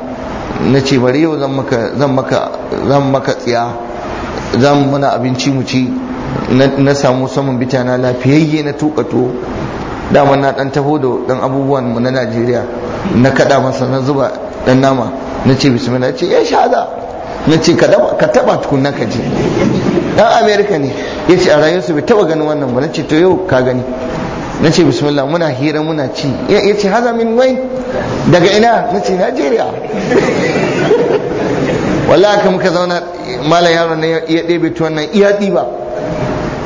na ce bari yau zan maka zan maka zan maka tsiya zan muna abinci mu ci na samu saman bitana lafiyayye na tukato. dama na dan taho da dan abubuwan mu na Najeriya na kada masa na zuba dan nama na ce bismillah ya ce ya shada na ce ka taba tukunna ka je dan America ne ya ce a rayuwarsa bai taba ganin wannan ba na ce to yau ka gani na ce bismillah muna hira muna ci ya ce haza min wai daga ina na ce Najeriya <laughs> wallahi aka muka zauna mala yaron ne ya ɗebe tuwon nan iya ɗiba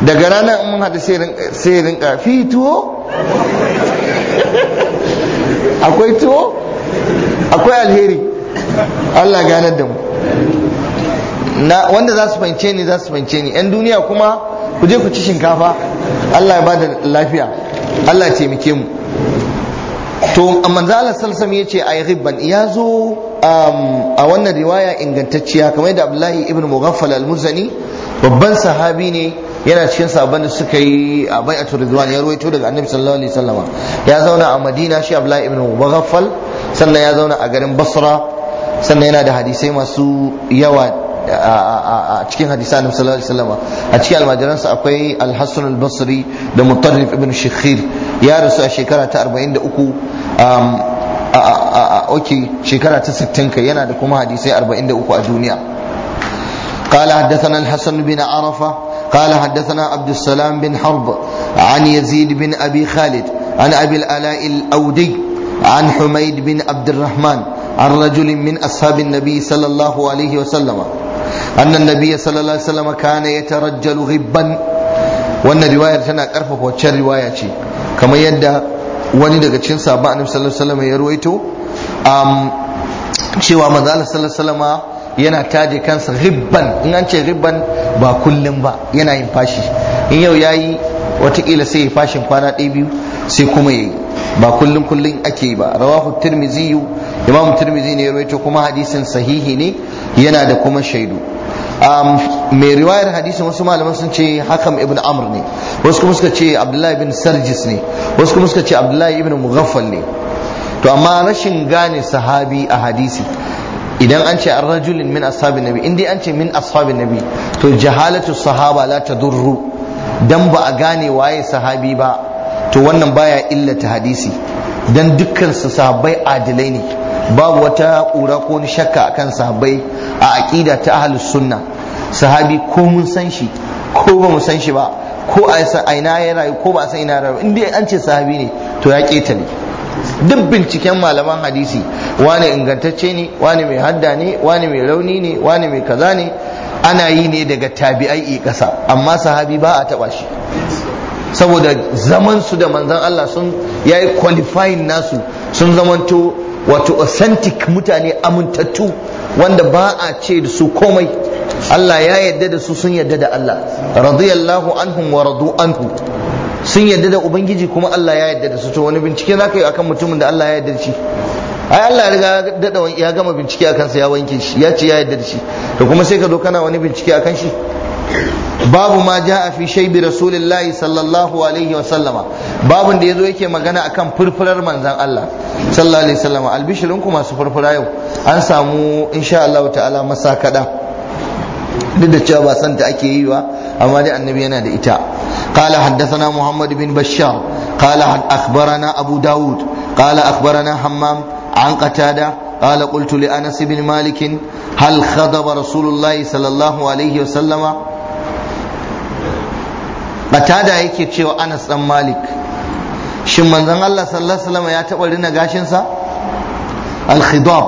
daga ranar mun hada sai rinka fi tuwo akwai tuwo akwai alheri Allah ganar da mu wanda za su fahimce ni za su fahimce ni yan duniya kuma ku je ku ci shinkafa Allah ya ba da lafiya Allah ya taimake mu to manzo Allah sallallahu ya ce ayi ribban ya zo um, a wannan riwaya ingantacciya kamar da Abdullahi ibn Mughaffal al-Muzani babban sahabi ne yana cikin sahabban da suka yi a bai'atu ridwan ya ruwaito daga annabi sallallahu alaihi wasallama ya zauna a madina shi abdullahi ibn mughaffal sannan ya zauna a garin basra sannan yana da hadisai masu yawa a cikin hadisa annabi sallallahu alaihi wasallama a cikin almajiransa akwai al-hasan al-basri da mutarrif ibn shikhir ya rasu a shekara ta 43 a oke shekara ta 60 kai yana da kuma hadisai 43 a duniya قال حدثنا الحسن بن عرفة قال حدثنا عبد السلام بن حرب عن يزيد بن أبي خالد عن أبي الألاء الأودي عن حميد بن عبد الرحمن عن رجل من أصحاب النبي صلى الله عليه وسلم أن النبي صلى الله عليه وسلم كان يترجل غبا وأن رواية تنا كرفة وشر رواية كما يدى wani daga cikin sahabba annabi sallallahu alaihi wasallam ya ruwaito um cewa manzo Allah sallallahu alaihi wasallam yana taje kansa ribban in an ce ribban ba kullum ba yana yin fashi in yau ya yi watakila sai ya fashin kwana ɗaya biyu sai kuma ya yi ba kullum kullum ake ba rawahu tirmizi imam tirmizi ne ya kuma hadisin sahihi ne yana da kuma shaidu mai riwayar hadisin wasu malaman sun ce hakam ibn amr ne wasu kuma suka ce abdullahi ibn sarjis ne wasu kuma suka ce abdullahi ibn mughaffal ne to amma rashin gane sahabi a hadisi idan an ce rajulin min ashabin nabi in an ce min ashabin nabi to jahalatu sahaba la tadurru dan ba a gane waye sahabi ba to wannan baya illata hadisi dan dukkan su sahabbai adilai ne babu wata ƙura ko ni shakka akan sahabbai a aqida ta ahlus sunna sahabi ko mun san shi ko ba mu san shi ba ko a ya rayu ko ba san ina rayu in an ce sahabi ne to ya ketale duk binciken malaman hadisi wani ingantacce ne wani mai hadda ne wani mai rauni ne wani mai kaza ne ana yi ne daga tabi'ai kasa amma sahabi ba a taba shi saboda zaman su da manzan Allah sun yayi qualifying nasu sun zamanto wato authentic mutane amintattu wanda ba a ce da su komai Allah ya yadda da su sun yadda da Allah radiyallahu anhum wa radu anhu sun yarda da ubangiji kuma Allah ya yarda da su to wani bincike za ka yi akan mutumin da Allah ya yarda da shi ai Allah ya riga dada ya gama bincike akan sa ya wanke shi ya ce ya yarda da shi to kuma sai ka zo kana wani bincike akan shi babu ma ja'a fi bi rasulillahi sallallahu alaihi wa sallama babun da yazo yake magana akan furfurar manzan Allah sallallahu alaihi wa sallama. albishirin ku masu furfura yau an samu insha Allah ta'ala kada duk da cewa ba san ta ake yi ba amma dai annabi yana da ita قال حدثنا محمد بن بشار قال أخبرنا أبو داود قال أخبرنا حمام عن قتادة قال قلت لأنس بن مالك هل خضب رسول الله صلى الله عليه وسلم قتادة يكي تشيو أنس بن مالك shin manzon Allah sallallahu alaihi wasallam ya taɓa rina gashinsa al-khidab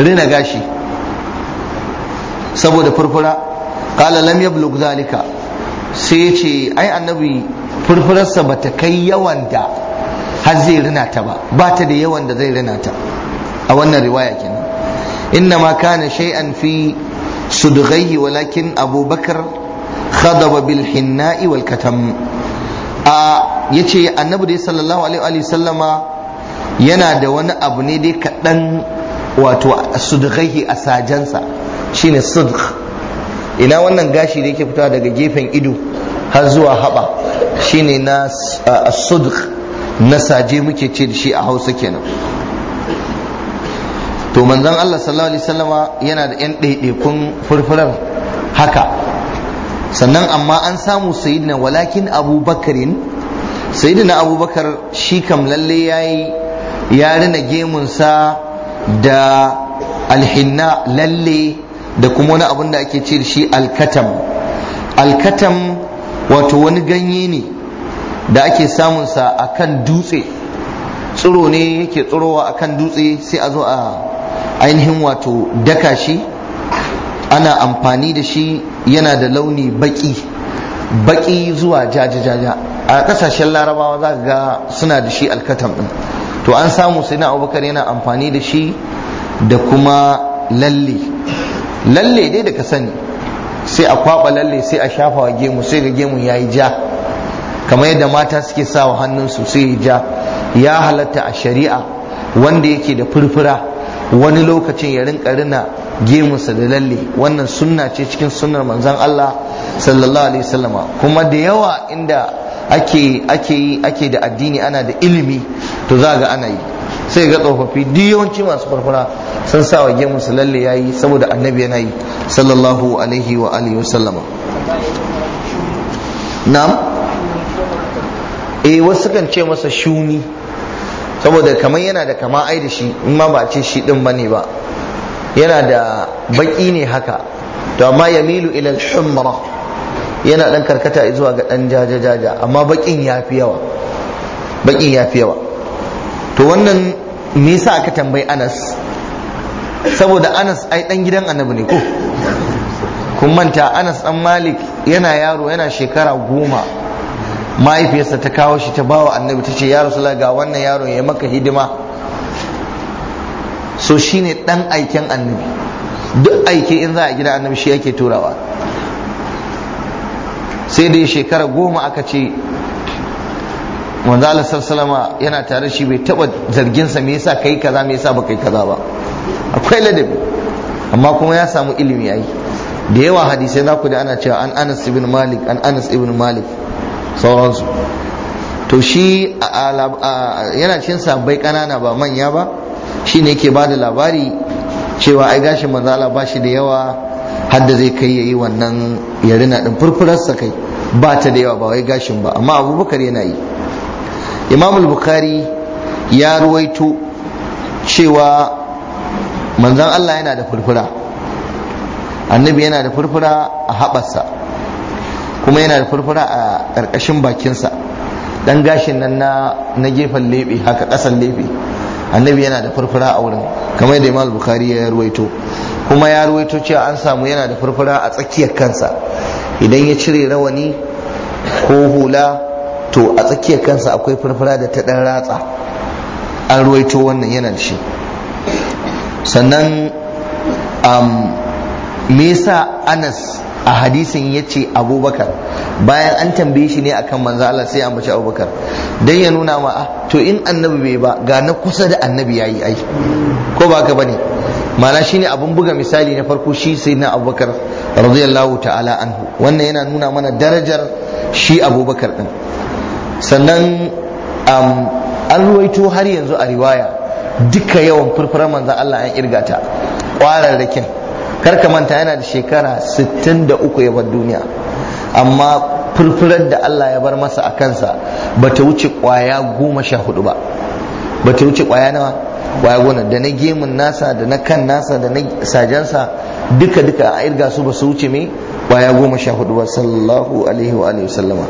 rina gashi saboda furfura qala lam yablugh zalika sai ya ce ai annabi furfurarsa ba ta kai yawan da har zai rina ba ba ta da yawan da zai rinata, a wannan riwaya kenan inna ma kana shay'an fi sudghayhi walakin abubakar khadaba bil hinna'i wal katam a yace annabi dai sallallahu alaihi wa sallama yana da wani abu ne dai kaɗan, wato sudghayhi a sajansa shine sudgh ina wannan gashi da yake fitowa daga gefen ido har zuwa haɓa shine na sudq na saje muke ce da shi a hausa kenan to manzon Allah sallallahu alaihi wasallama yana da 'yan ɗaiɗaikun furfurar haka sannan amma an samu sayidina walakin abubakarin sayidina abubakar shi kam lalle ya yi ya rina gemunsa da alhinna lalle da kuma wani abun da ake ce shi alkatam alkatam wato wani ganye ne da ake samunsa a kan dutse tsiro ne yake tsirowa a kan dutse sai a zo a ainihin wato daka shi ana amfani da shi yana da launi baki baki zuwa jajajaja a kasashen larabawa za ga suna da shi alkatam din to an samu sai na abubakar yana amfani da shi da kuma lalle lalle dai da ka sani sai a kwaba lalle sai a shafa wa gemu sai ga gemun yi ja kamar yadda mata suke sa wa hannunsu sai ya ja ya halatta a shari'a wanda yake da furfura wani lokacin ya rinka rina gemunsa da lalle wannan sunna ce cikin sunnar manzan Allah sallallahu alaihi wasallama kuma da yawa inda ake ake ake da addini ana da ilimi to za ga ana yi sai ga tsofaffi duk yawanci masu farfara sun sa wa gemu su lalle ya yi saboda annabi yana yi sallallahu alaihi wa alihi wasallama na'am eh wasu kan ce masa shuni saboda kamar yana da kama ai da shi in ma ba ce shi din bane ba yana da baki ne haka to amma yamilu ila al-humra yana dan karkata zuwa ga dan jaja jaja amma bakin yafi yawa bakin yafi yawa to wannan me yasa aka tambayi anas saboda anas ai dan gidan annabi ne ko kun manta anas dan malik yana yaro yana shekara goma mahaifiyarsa ta kawo shi ta bawa annabi ta ce ya rasula ga wannan yaron ya maka hidima so shine dan aiken annabi duk aike in za a gidan annabi shi yake turawa sai dai shekara goma aka ce manzo Allah sallallahu yana tare shi bai taba zargin sa me yasa kai kaza me yasa baka yi kaza ba akwai ladabi amma kuma ya samu ilimi ai da yawa hadisai za ku da ana cewa an Anas ibn Malik an Anas ibn Malik sauransu to shi yana cin bai kanana ba manya ba shine ne ba da labari cewa ai gashin manzo Allah ba shi da yawa hadda zai kai yayi wannan yarina din sa kai ba ta da yawa ba wai gashin ba amma abubakar yana yi imam bukhari ya ruwaito cewa manzon Allah yana da furfura annabi yana da furfura a haɓarsa kuma yana da furfura a ƙarƙashin bakinsa dan gashin nan na gefen lebe haka ƙasan lebe annabi yana da furfura a wurin kamar da imam bukhari ya ruwaito kuma ya ruwaito cewa an samu yana da furfura a tsakiyar kansa idan ya cire rawani ko hula to a tsakiyar kansa akwai farfara da ta dan ratsa an ruwaito wannan yana da shi sannan me yasa anas a hadisin ya ce abubakar bayan an tambaye shi ne akan manzo Allah sai ya ambaci abubakar dan ya nuna ma ah, to in annabi bai ba ga na kusa da annabi yayi ai ko ba ka bane mana ne abin buga misali na farko shi sai na abubakar radiyallahu ta'ala anhu wannan yana nuna mana darajar shi abubakar din sannan an ruwaito har yanzu a riwaya duka yawan furfura manzan Allah an irgata kwararrakin kar ka manta yana da shekara 63 ya bar duniya amma furfurar da Allah ya bar masa a kansa ba ta wuce kwaya goma sha hudu ba ba ta wuce kwaya nawa kwaya gona da na gemun nasa da na kan nasa da na sajansa duka duka a irga su ba su wuce me baya goma sha hudu ba sallallahu alaihi wa alihi sallama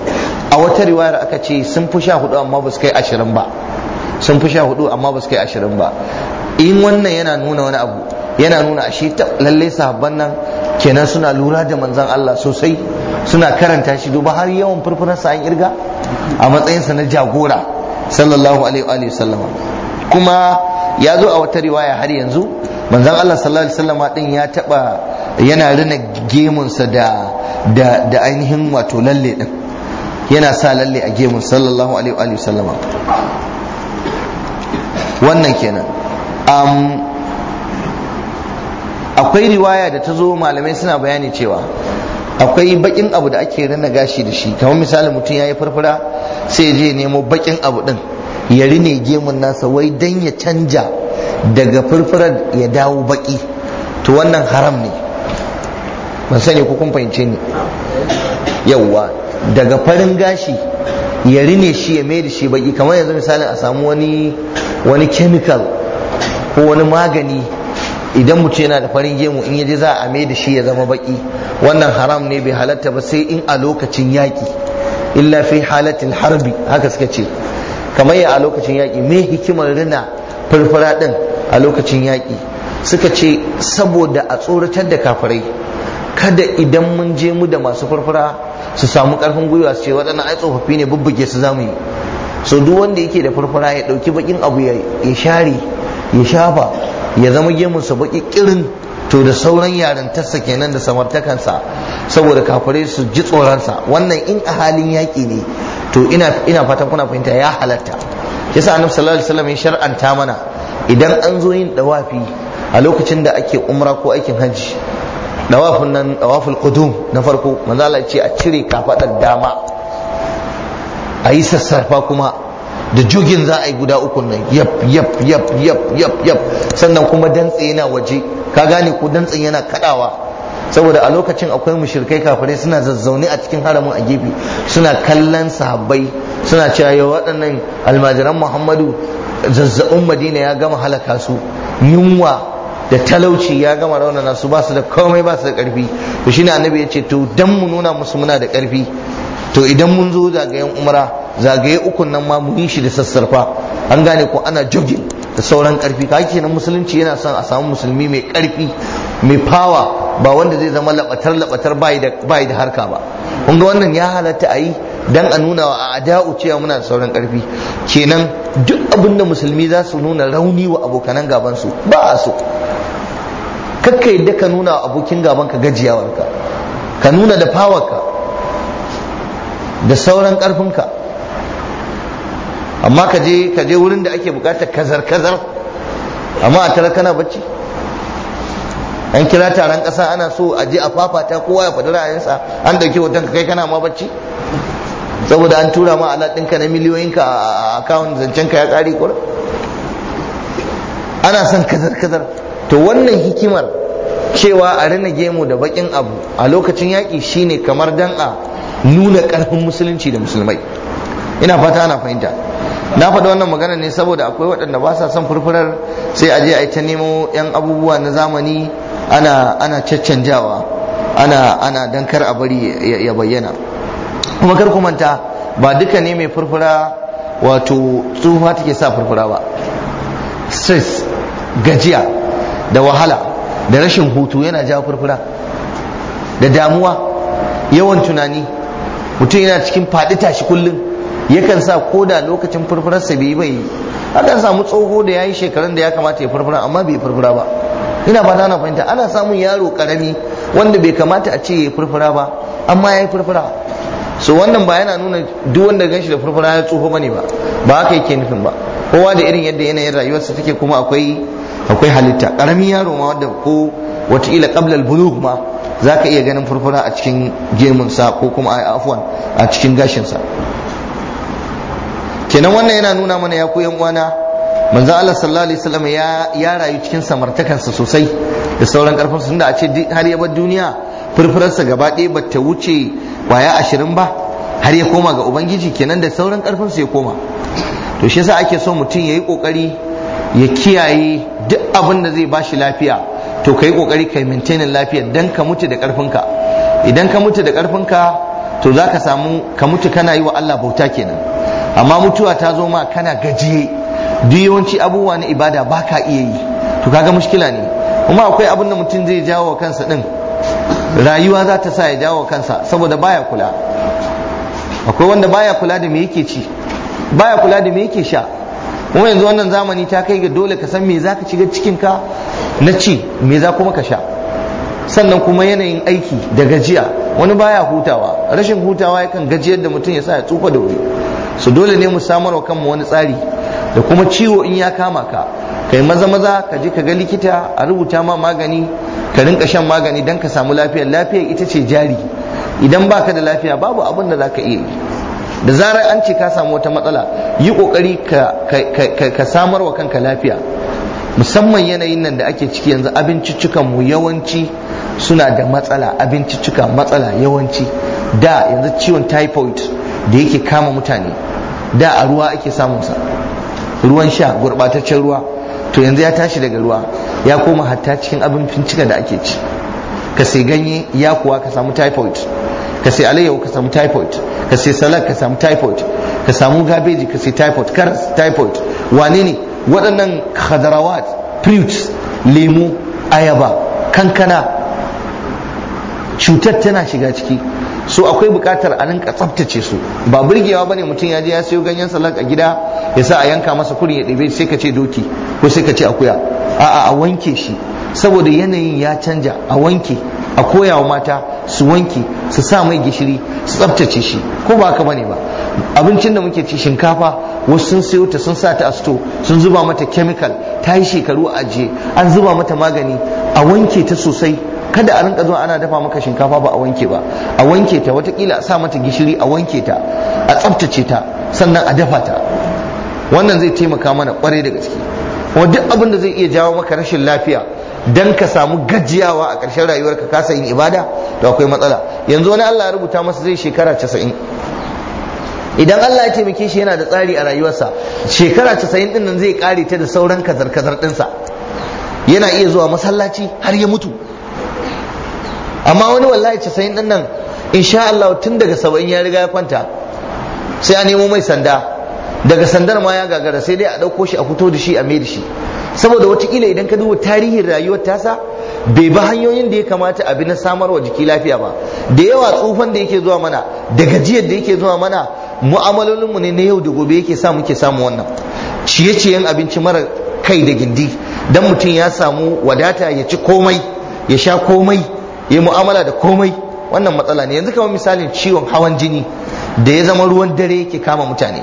a wata riwayar aka ce sun fi sha hudu amma ba su kai ashirin ba sun fi sha hudu amma ba su kai ashirin ba in wannan yana nuna wani abu yana nuna ashe lalle sahabban nan kenan suna lura da manzan Allah sosai suna karanta shi duba har yawan furfuran sa an irga a matsayinsa na jagora sallallahu alaihi wa alihi sallama kuma ya zo a wata riwaya har yanzu manzan Allah sallallahu alaihi wasallam din ya taba yana rina gemunsa da da da ainihin wato lalle din yana sa lalle a gemun sallallahu alaihi wasallama wannan kenan um, akwai riwaya da ta zo malamai suna bayani cewa akwai bakin abu da ake rina gashi da shi kamar misali mutum ya yi farfara sai je nemo bakin abu din ya rine gemun nasa wai dan ya canja daga furfurar ya dawo baki to wannan haram ne ban sani ko kun fahimce ni yawwa daga farin gashi ya rine shi ya mai da shi baki kamar yanzu misalin a samu wani wani chemical ko wani magani idan mutum yana da farin gemu in yaje za a mai da shi ya zama baki wannan haram ne bai halatta ba sai in a lokacin yaki illa fi halatin harbi haka suka ce kamar ya a lokacin yaki me hikimar rina furfura din a lokacin yaƙi suka ce saboda a tsoratar da kafirai kada idan mun je mu da masu farfara su samu ƙarfin gwiwa su ce waɗannan ai tsofaffi ne bubbuge su zamu yi so duk wanda yake da farfara ya ɗauki bakin abu ya share ya shafa ya zama gemunsa baki kirin to da sauran yarintarsa kenan da samartakansa saboda kafirai su ji tsoronsa wannan in a halin yaƙi ne to ina ina fatan kuna fahimta ya halatta yasa annabi sallallahu alaihi wasallam ya shar'anta mana idan an zo yin dawafi a lokacin da ake umra ko aikin hajji dawafin nan dawaful qudum na farko manzo Allah ce a cire kafadar dama a yi sassarfa kuma da jogin za a yi guda uku nan yap yap yap yap yap yap sannan kuma dantse yana waje ka gane ko dantsen yana kadawa saboda a lokacin akwai mushirkai kafare suna zazzaune a cikin haramun a gefe suna kallon sahabbai suna cewa waɗannan almajiran muhammadu zazzabin madina ya gama halaka su yunwa da talauci ya gama raunana su ba su da komai ba su da karfi to shine annabi ya ce to dan mu nuna musu muna da karfi to idan mun zo zagayen umra zagaye ukun nan ma mun yi shi da sassarfa an gane ko ana jogin da sauran karfi ka kenan musulunci yana son a samu musulmi mai karfi mai fawa ba wanda zai zama labatar labatar bai da harka ba kun ga wannan ya halatta a yi dan a nuna wa a'da'u cewa muna da sauran karfi kenan duk abin da musulmi za su nuna rauni wa abokanan gaban su ba a so kakka yadda ka nuna abokin gaban ka gajiyawar ka Ka nuna da ka da sauran ka amma ka je ka je wurin da ake bukatar kazar kazar amma a tara kana bacci an kira taron ƙasa ana so a je a fafata kowa ya faɗi ra'ayinsa an ɗauki hoton ka kai kana ma bacci saboda an tura ma alat ɗinka na miliyoyin ka a akawun ka ya ƙari kura ana son kazar-kazar to wannan hikimar cewa a rina gemu da baƙin abu a lokacin yaki shine kamar dan a nuna ƙarfin musulunci da musulmai ina fata ana fahimta na faɗi wannan magana ne saboda akwai waɗanda ba sa son furfurar sai a je a yi ta nemo 'yan abubuwa na zamani ana ana caccanjawa ana ana dankar a bari ya bayyana kuma kar ku manta ba duka ne mai furfura wato tsufa take sa furfura ba stress gajiya da wahala da rashin hutu yana jawo furfura da damuwa yawan tunani mutum yana cikin faɗi tashi kullum yakan sa ko da lokacin furfurarsa bai bai akan samu tsoho da yayi shekarun da ya kamata ya furfura amma bai furfura ba ina fata na fahimta ana samun yaro karami wanda bai kamata a ce ya furfura ba amma ya yi furfura so wannan ba yana nuna duk wanda ganshi da furfura ya tsoho bane ba ba haka yake nufin ba kowa da irin yadda yanayin rayuwarsa take kuma akwai akwai halitta karamin yaro ma wanda ko wataƙila qablal bulugh ma zaka iya ganin furfura a cikin gemunsa ko kuma a afwan a cikin gashinsa kenan wannan yana nuna mana ya koyan uwana manzo Allah sallallahu alaihi wasallam ya ya rayu cikin samartakansa sosai da sauran karfin tunda da a ce har ya bar duniya furfurarsa gaba ɗaya ba ta wuce kwaya ashirin ba har ya koma ga ubangiji kenan da sauran karfin su ya koma to shi yasa ake so mutum ya yi kokari ya kiyaye duk abin da zai bashi lafiya to kai kokari kai maintainin lafiya dan ka mutu da karfinka idan ka mutu da karfinka to za ka samu ka mutu kana yi wa Allah bauta kenan amma mutuwa ta zo ma kana gajiye duk yawanci abubuwa na ibada baka iya yi to kaga mushkila ne kuma akwai abin da mutum zai jawo wa kansa din rayuwa za ta sa ya jawo kansa saboda baya kula akwai wanda baya kula da me yake ci baya kula da me yake sha kuma yanzu wannan zamani ta kai ga dole ka san me za ka shiga cikinka na ci me za kuma ka sha sannan kuma yanayin aiki da gajiya wani baya hutawa rashin hutawa yakan gajiyar da mutum ya sa ya tsufa da wuri su dole ne mu samarwa kanmu wani tsari da kuma ciwo in ya kama ka kai maza maza ka je ka ga likita a rubuta ma magani ka rinka shan magani don ka samu lafiya Lafiya ita ce jari idan baka da lafiya babu abin da za zaka iya da zarar an ce ka samu wata matsala yi kokari ka samar wa kanka lafiya musamman yanayin nan da ake ciki yanzu abinciccikan mu yawanci suna da matsala abinciccika matsala yawanci da yanzu ciwon typhoid da yake kama mutane da a ruwa ake samunsa ruwan sha gurbataccen ruwa to yanzu ya tashi daga ruwa ya koma hatta cikin abin fincika da ake ci ka sai ganye ya kuwa ka samu typhoid ka sai alayyahu ka samu typhoid ka sai salak ka samu typhoid ka samu gabeji ka sai typhoid karas typhoid wane ne waɗannan khadarawat fruits lemu ayaba kankana cutar tana shiga ciki so akwai bukatar a rinka tsaftace su ba burgewa bane mutum ya je ya sayo ganyen salak a gida ya sa a yanka masa kurin ya ɗebe sai ka ce doki ko sai ka ce akuya a'a a wanke shi saboda yanayin ya canja a wanke a koya wa mata su wanke su sa mai gishiri su tsaftace shi ko ba haka bane ba abincin da muke ci shinkafa wasu sun sayo ta sun sa ta a sto sun zuba mata chemical ta yi shekaru a ajiye an zuba mata magani a wanke ta sosai kada a rinka zuwa ana dafa maka shinkafa ba a wanke ba a wanke ta watakila a sa mata gishiri a wanke ta a tsaftace ta sannan a dafa ta wannan zai taimaka mana kwarai da gaske kuma duk abin da zai iya jawo maka rashin lafiya dan ka samu gajiyawa a ƙarshen rayuwarka ka yin ibada to akwai matsala yanzu wani Allah ya rubuta masa zai shekara casa'in idan Allah ya taimake shi yana da tsari a rayuwarsa shekara casa'in din nan zai kare ta da sauran kazar-kazar dinsa. yana iya zuwa masallaci har ya mutu amma wani wallahi sai din nan insha Allah tun daga saba'in ya riga ya kwanta sai a nemo mai sanda daga sandar ma ya gagara sai dai a ɗauko shi a fito da shi a mai da shi saboda wata watakila idan ka duba tarihin rayuwar tasa bai bi hanyoyin da ya kamata a bi na samarwa jiki lafiya ba da yawa tsufan da yake zuwa mana da gajiyar da yake zuwa mana mu'amalolinmu ne na yau da gobe yake sa muke samu wannan ciye-ciyen abinci mara kai da gindi dan mutum ya samu wadata ya ci komai ya sha komai yi mu'amala da komai wannan matsala ne yanzu kamar misalin ciwon hawan jini da ya zama ruwan dare yake kama mutane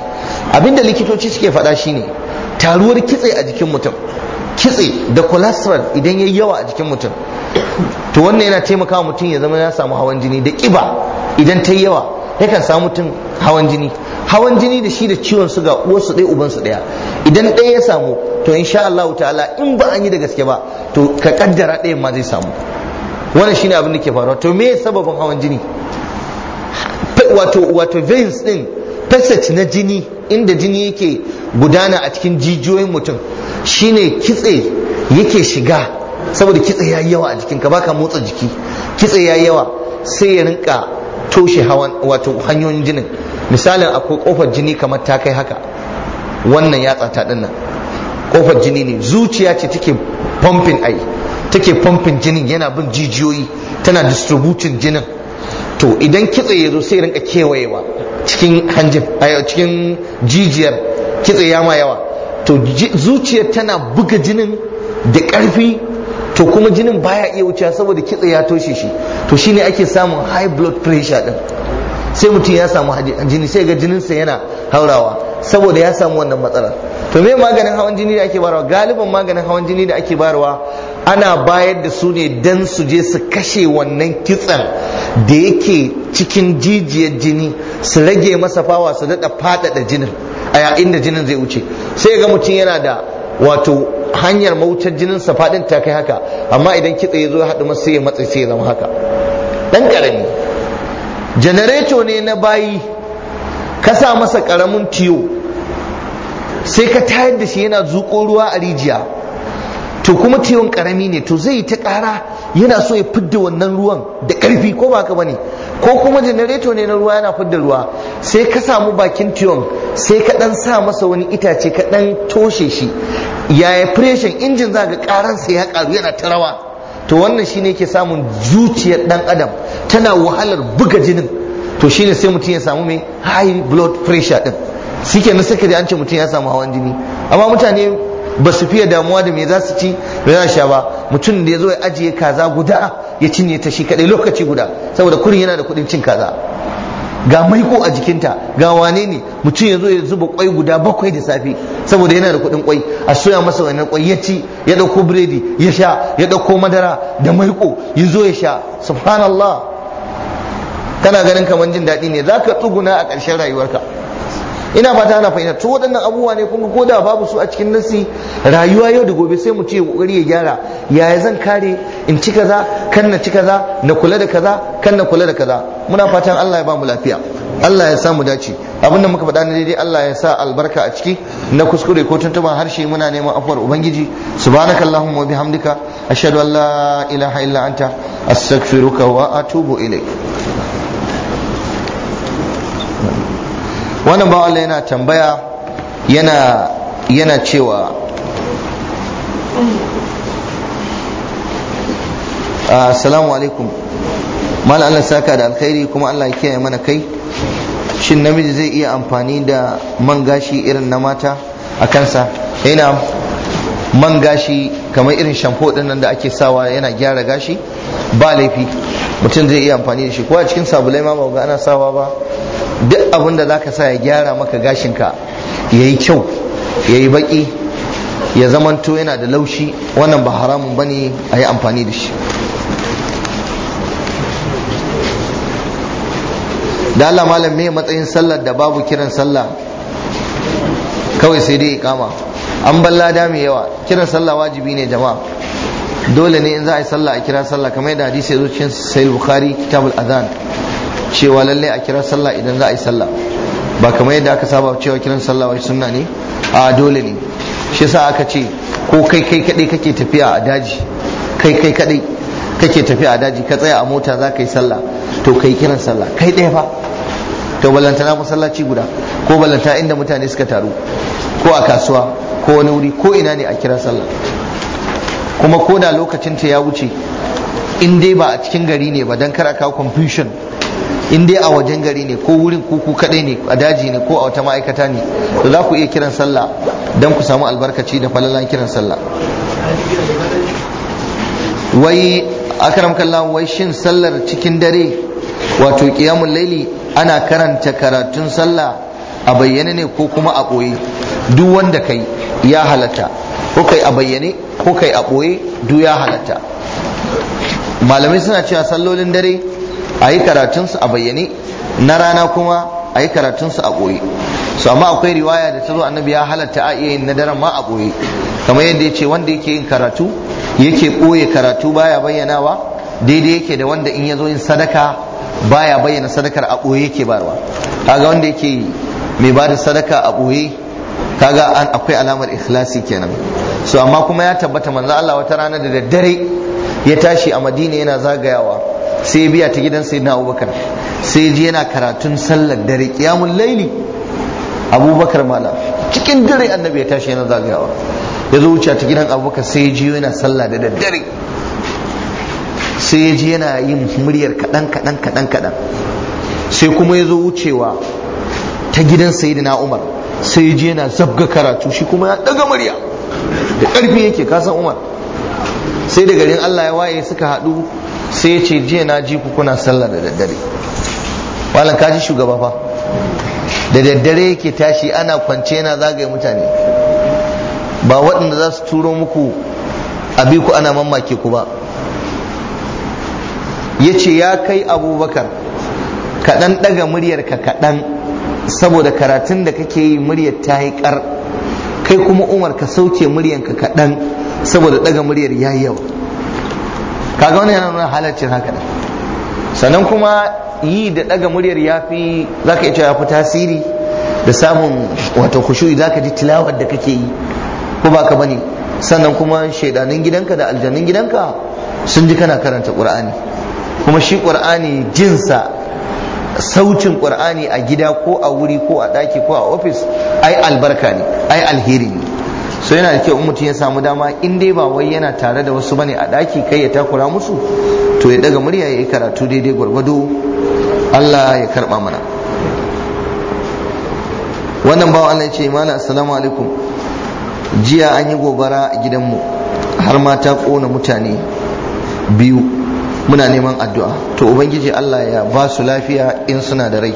abinda likitoci suke faɗa shine taruwar kitse a jikin mutum kitse da cholesterol idan ya yawa a jikin mutum to wannan yana taimakawa mutum ya zama ya samu hawan jini da ƙiba idan ta yawa yakan samu mutum hawan jini hawan jini da shi da ciwon suga uwarsu ɗaya ubansu ɗaya idan ɗaya ya samu to insha Allah ta'ala in ba an yi da gaske ba to ka kaddara ɗaya ma zai samu wannan shine abin da ke faruwa to me sababin hawan jini wato wato veins din passage na jini inda jini yake gudana a cikin jijiyoyin mutum shine kitse yake shiga saboda kitse yayi yawa a jikinka baka motsa jiki kitse yayi yawa sai ya rinka toshe hawan wato hanyoyin jinin misalin akwai kofar jini kamar ta kai haka wannan yatsa ta dinnan kofar jini ne zuciya ce take pumping ai take pumping jinin yana bin jijiyoyi tana distributing jinin to idan kitse ya zo sai rinka kewayewa cikin hanjin eh, cikin jijiyar kitse ya ma yawa to zuciyar tana buga jinin da ƙarfi to kuma jinin baya iya wuce saboda kitse ya toshe shi to shine ake samun high blood pressure din sai mutum ya samu jini sai ga jininsa yana haurawa saboda ya samu wannan matsalar to me maganin hawan jini da ake barawa galibin maganin hawan jini da ake barawa ana bayar da su ne don su je su kashe wannan kitson da yake cikin jijiyar jini su rage masa fawa su daɗa faɗaɗa jinin a yayin da jinin zai wuce sai ga mutum yana da wato hanyar mawucar jinin sa faɗin ta kai haka amma idan kitse ya zo ya haɗu masa sai ya matsa sai ya zama haka ɗan ƙarami janareto ne na bayi ka sa masa ƙaramin tiyo sai ka tayar da shi yana zuƙo ruwa a rijiya to kuma ciwon karami ne to zai yi ta kara yana so ya fidda wannan ruwan da karfi ko ba ka bane ko kuma janareto ne na ruwa yana fidda ruwa sai ka samu bakin tiyon sai ka dan sa masa wani itace ka dan toshe shi yaya pression injin za ga karan sai ya karu yana ta rawa to wannan shi ne ke samun zuciyar dan adam tana wahalar buga jinin to shi ne sai mutum ya samu mai high blood pressure din shikenan na ka ji an ce mutum ya samu hawan jini amma mutane ba su fiye damuwa da me za su ci me za su sha ba mutum da ya zo ya ajiye kaza guda ya cinye ta shi kadai lokaci guda saboda kurin yana da kuɗin cin kaza ga maiko a jikinta ga wane ne mutum ya zo ya zuba kwai guda bakwai da safe saboda yana da kuɗin kwai a soya masa wannan kwai ya ci ya ɗauko biredi ya sha ya dauko madara da maiko ya zo ya sha subhanallah kana ganin kamar jin daɗi ne zaka tsuguna a ƙarshen rayuwarka ina fata ana fahimta to waɗannan abubuwa ne kuma ko da babu su a cikin nasi rayuwa yau da gobe sai mu ce kokari ya gyara yaya zan kare in ci kaza kan na ci kaza na kula da kaza kan na kula da kaza muna fatan Allah ya ba mu lafiya Allah ya sa mu dace abinda muka faɗa na daidai Allah ya sa albarka a ciki na kuskure ko tuntuban harshe muna neman afuwar ubangiji subhanakallahumma wa bihamdika ashhadu an la ilaha illa anta astaghfiruka wa atubu ilaik wannan ba Allah yana tambaya yana yana cewa ah, assalamu alaikum mal Allah saka da alkhairi kuma Allah ya kiyaye mana kai shin namiji zai iya amfani da man gashi irin na mata a kansa yana eh, man gashi kamar irin shampo din nan da ake sawa yana gyara gashi ba laifi mutum zai iya amfani da shi ko a cikin sabulai ma ba ana sawa ba duk abin da ka sa ya gyara maka gashinka ya yi kyau ya yi baki ya zamanto yana da laushi wannan ba haramun bane a yi amfani da shi da Allah malam me matsayin sallar da babu kiran sallah kawai sai dai kama an ban lada mai yawa kiran sallah wajibi ne jama'a dole ne in za a yi sallah a kira sallah kamar yadda hadisi ya zo cikin sai bukhari kitabul adhan cewa lalle a kira sallah idan za a yi sallah ba kamar yadda aka saba cewa kiran sallah wai sunna ne a dole ne shi yasa aka ce ko kai kai kadai kake tafiya a daji kai kai kadai kake tafiya a daji ka tsaya a mota za ka yi sallah to kai kiran sallah kai ɗaya fa to na masallaci guda ko ballanta inda mutane suka taru ko a kasuwa ko wani wuri ko ina ne a kira sallah kuma ko da lokacin ta ya wuce in dai ba a cikin gari ne ba don kar a kawo confusion in dai a wajen gari ne ko wurin kuku kadai ne a daji ne ko a wata ma'aikata ne to za ku iya kiran sallah don ku samu albarkaci da falalan kiran sallah wai akram kallahu wai shin sallar cikin dare wato qiyamul laili ana karanta karatun sallah a bayyane ne ko kuma a ɓoye duk wanda kai ya halatta ko kai a bayyane ko kai a ɓoye duk ya halatta malamai suna cewa sallolin dare a yi karatunsu a bayyane na rana kuma a yi karatunsu a ɓoye su amma akwai riwaya da ta zo annabi ya halatta a iya yin na daren ma a ɓoye kamar yadda ya ce wanda yake yin karatu yake ɓoye karatu baya bayyanawa daidai yake da wanda in ya zo yin sadaka baya bayyana sadakar a ɓoye yake barwa kaga wanda yake mai ba da sadaka a ɓoye kaga an akwai alamar ikhlasi kenan su amma kuma ya tabbata manzo Allah wata rana da daddare ya tashi a Madina yana zagayawa sai biya ta gidan sai na abubakar sai ji yana karatun sallar dare kiyamun laili abubakar mala cikin dare annabi ya tashi yana zagayawa ya zo wuce ta gidan abubakar sai ji yana sallah da daddare sai ji yana yin muryar kaɗan kaɗan kaɗan kaɗan sai kuma ya zo wucewa ta gidan sayyidina umar sai ji yana zabga karatu shi kuma ya ɗaga murya da ƙarfi yake kasan umar sai da garin allah ya waye suka haɗu sai ya ce jiya na ji ku kuna sallah da daddare malam kaji shugaba fa da daddare yake tashi ana kwance yana zagaye mutane ba waɗanda za su turo muku abi ku ana mamake ku ba ya ce ya kai abubakar kaɗan ɗaga muryarka kaɗan saboda karatun da kake yi muryar ta yi ƙar kai kuma umar ka sauke muryarka kaɗan saboda ɗaga muryar ya yawa kaga wani yana nuna halaccin haka sannan kuma yi da daga muryar yafi zaka iya cewa yafi tasiri da samun wato za ka ji tilawar da kake yi ko ba ka bane sannan kuma shaidanin gidanka da aljannin gidanka sun ji kana karanta qur'ani kuma shi qur'ani jinsa saucin qur'ani a gida ko a wuri ko a daki ko a ofis ai albarka ne ai alheri ne so yana da kyau in mutum ya samu dama in dai ba wai yana tare da wasu bane a daki kai ya takura musu to ya daga murya ya yi karatu daidai gwargwado Allah ya karɓa mana wannan bawan Allah ya ce mana assalamu alaikum jiya an yi gobara a gidanmu har ma ta kona mutane biyu muna neman addu'a to ubangiji Allah ya ba su lafiya in suna da rai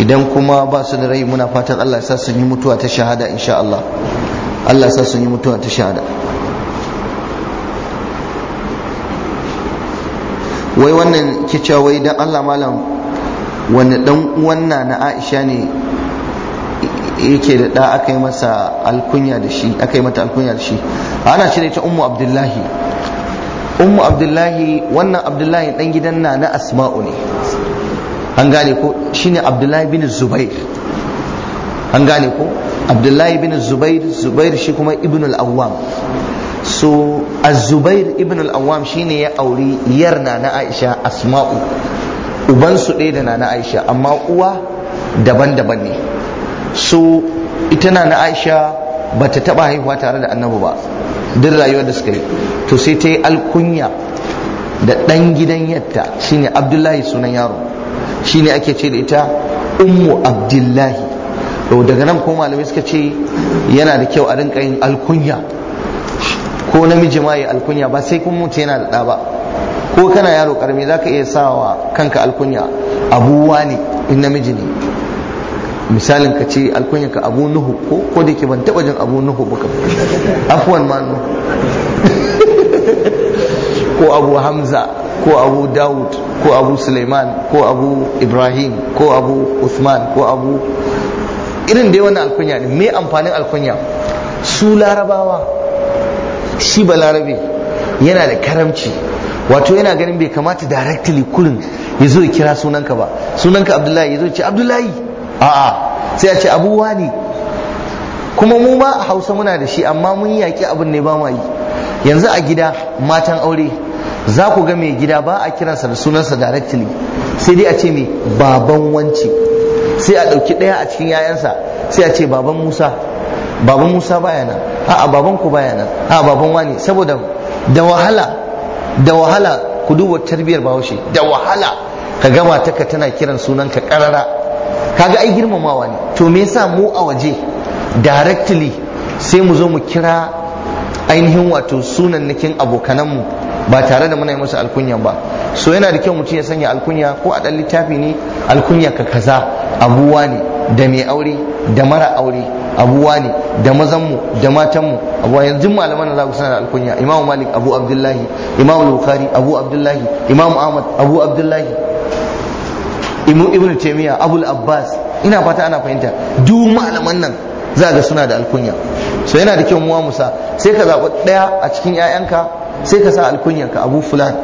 idan kuma ba su da rai muna fatan Allah ya sa sun yi mutuwa ta shahada insha Allah Allah sa sun yi mutuwa ta shahada wai wannan kicca wai dan Allah malam wani dan uwanna na Aisha ne yake da da aka yi masa alkunya da shi aka yi mata alkunya da shi ana cire ta ummu abdullahi ummu abdullahi wannan abdullahi dan gidan na na asma'u ne an gane ko shine abdullahi bin zubair an gane ko abdullahi bin zubair zubair shi kuma ibn al-awwam so az-zubair ibn al-awwam shine ya auri yar na aisha asma'u ubansu ɗaya da nana aisha amma uwa daban-daban ne so ita nana aisha bata ta taɓa haihuwa tare da annabi ba duk rayuwar da suka yi to sai ta yi alkunya da ɗan gidan yatta shine abdullahi sunan yaro shine ake ce da ita ummu abdullahi to daga nan ko malamai suka ce yana da kyau a rinka yin alkunya ko namiji ma ya alkunya ba sai kun mutu yana da ɗa ba ko kana yaro karami zaka iya sawa kanka alkunya abuwa ne in namiji ne misalin ka ce alkunya ka abu nuhu ko ko da ke ban taɓa jin abu nuhu ba afuwan ma nuhu <laughs> ko abu hamza ko abu dawud ko abu suleiman ko abu ibrahim ko abu usman ko abu irin dai wannan alkunya ne me amfanin alkunya su larabawa shi ba larabe yana da karamci wato yana ganin bai kamata directly kurin ya zo kira sunanka ba sunanka abdullahi ya zo ce abdullahi a'a sai ya ce abuwa ne kuma mu ma a hausa muna da shi amma mun yi yaƙi abin ne ba yi yanzu a gida matan aure za ku ga mai gida ba a kiransa da sunansa directly sai dai a ce mai baban wanci sai a ɗauki ɗaya a cikin yayansa sai a ce baban musa baban musa baya nan a'a baban ku baya nan a'a baban wani saboda da wahala da wahala ku duba tarbiyyar bahaushe da wahala ka gama ka tana kiran sunan ka karara kaga ai girmamawa ne to me yasa mu a waje directly sai mu zo mu kira ainihin wato sunan nikin abokananmu ba tare da muna yi musu alkunya ba so yana da kyau mutum ya sanya alkunya ko a ɗan littafi ne alkunya ka kaza abuwa ne da mai aure da mara aure abuwa ne da mazanmu da matanmu abuwa yanzu malaman Allah ku da alkunya Imam malik abu abdullahi Imam bukhari abu abdullahi Imam ahmad abu abdullahi ibnu taymiya abul abbas ina fata ana fahimta duk malaman nan za ga suna da alkunya so yana da kyau muwa musa sai ka zaɓi ɗaya a cikin 'ya'yanka sai ka sa ka abu fulan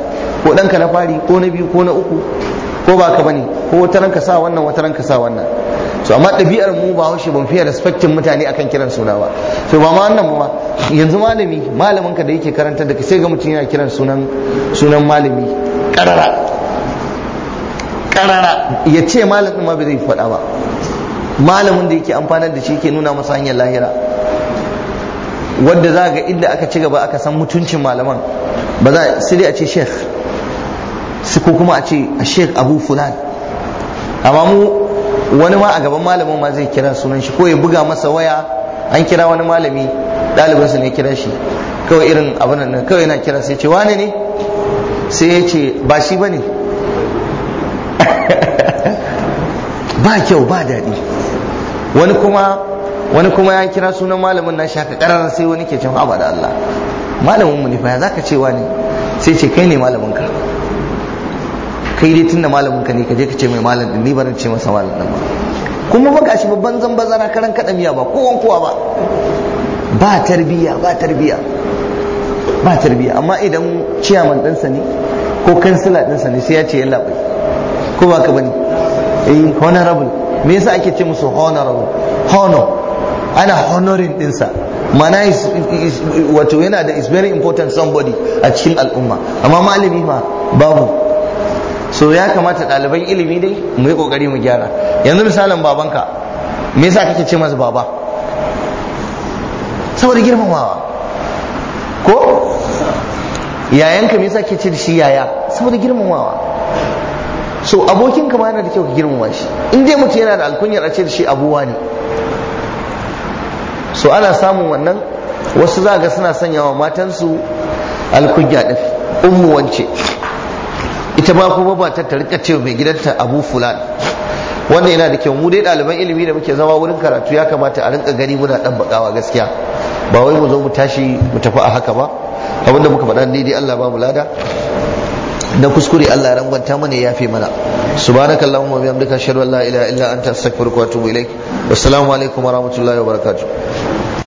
ko ɗanka na fari ko na biyu ko na uku ko ba ka bane ko wata ranka sa wannan wata ranka sa wannan so amma ɗabi'ar mu ba haushe ban fiye respectin mutane akan kiran suna ba so ba ma wannan ba yanzu malami malamin ka da yake karanta da sai ga mutum yana kiran sunan sunan malami karara karara ya ce malamin ma bai zai faɗa ba malamin da yake amfanar da shi yake nuna masa hanyar lahira wadda za ga inda aka ci gaba aka san mutuncin malaman ba za sai dai a ce sheikh su ko kuma a ce sheikh abu fulan amma mu wani ma a gaban malamin ma zai kira sunan shi ko ya buga masa waya an kira wani malami ɗalibinsa ne kira shi kawai irin abin nan kawai yana kira sai ce wani ne sai ya ce ba shi ba ne <laughs> ba kyau ba daɗi wani kuma wani kuma ya kira sunan malamin na shaka karar sai wani ke cin haba da Allah malamin mu ne fa zaka ce wani sai ce kai ne malamin ka kai dai tunda malamin ka ne ka je ka ce mai malam din ni barin ce masa malam din ba kuma ba gashi babban zan bazana karan kada miya ba kowan kowa ba ba tarbiya ba tarbiya ba tarbiya amma idan ciyaman ɗansa ne ko kansila ɗinsa ne sai ya ce yalla bai ko ba ka bane eh honorable me yasa ake ce musu honorable honor ana honoring dinsa mana wato yana da is very important somebody a cikin al'umma amma malami ma babu so ya kamata ɗaliban ilimi dai mu yi ƙoƙari mu gyara yanzu misalin babanka me yasa kake ce masa baba saboda girmamawa ko yayanka me yasa kake ce da shi yaya saboda girmamawa so ka ma yana da kyau ka girmama shi in dai mutum yana da alkunyar a ce da shi abuwa ne so ana samun wannan wasu za ga suna sanya wa matansu alkunya ɗin ummu ita ma kuma ba ta tarika ce mai gidanta abu fulan wannan yana da kyau mu dai ɗaliban ilimi da muke zama wurin karatu ya kamata a rinka gani muna ɗan bakawa gaskiya ba wai mu zo mu tashi mu tafi a haka ba abinda muka faɗa dai Allah ba mu lada na kuskure Allah rangwanta mana ya yafe mana subhanakallahumma wa bihamdika ashhadu an la ilaha illa anta astaghfiruka wa atubu ilaik wassalamu alaikum wa rahmatullahi wa barakatuh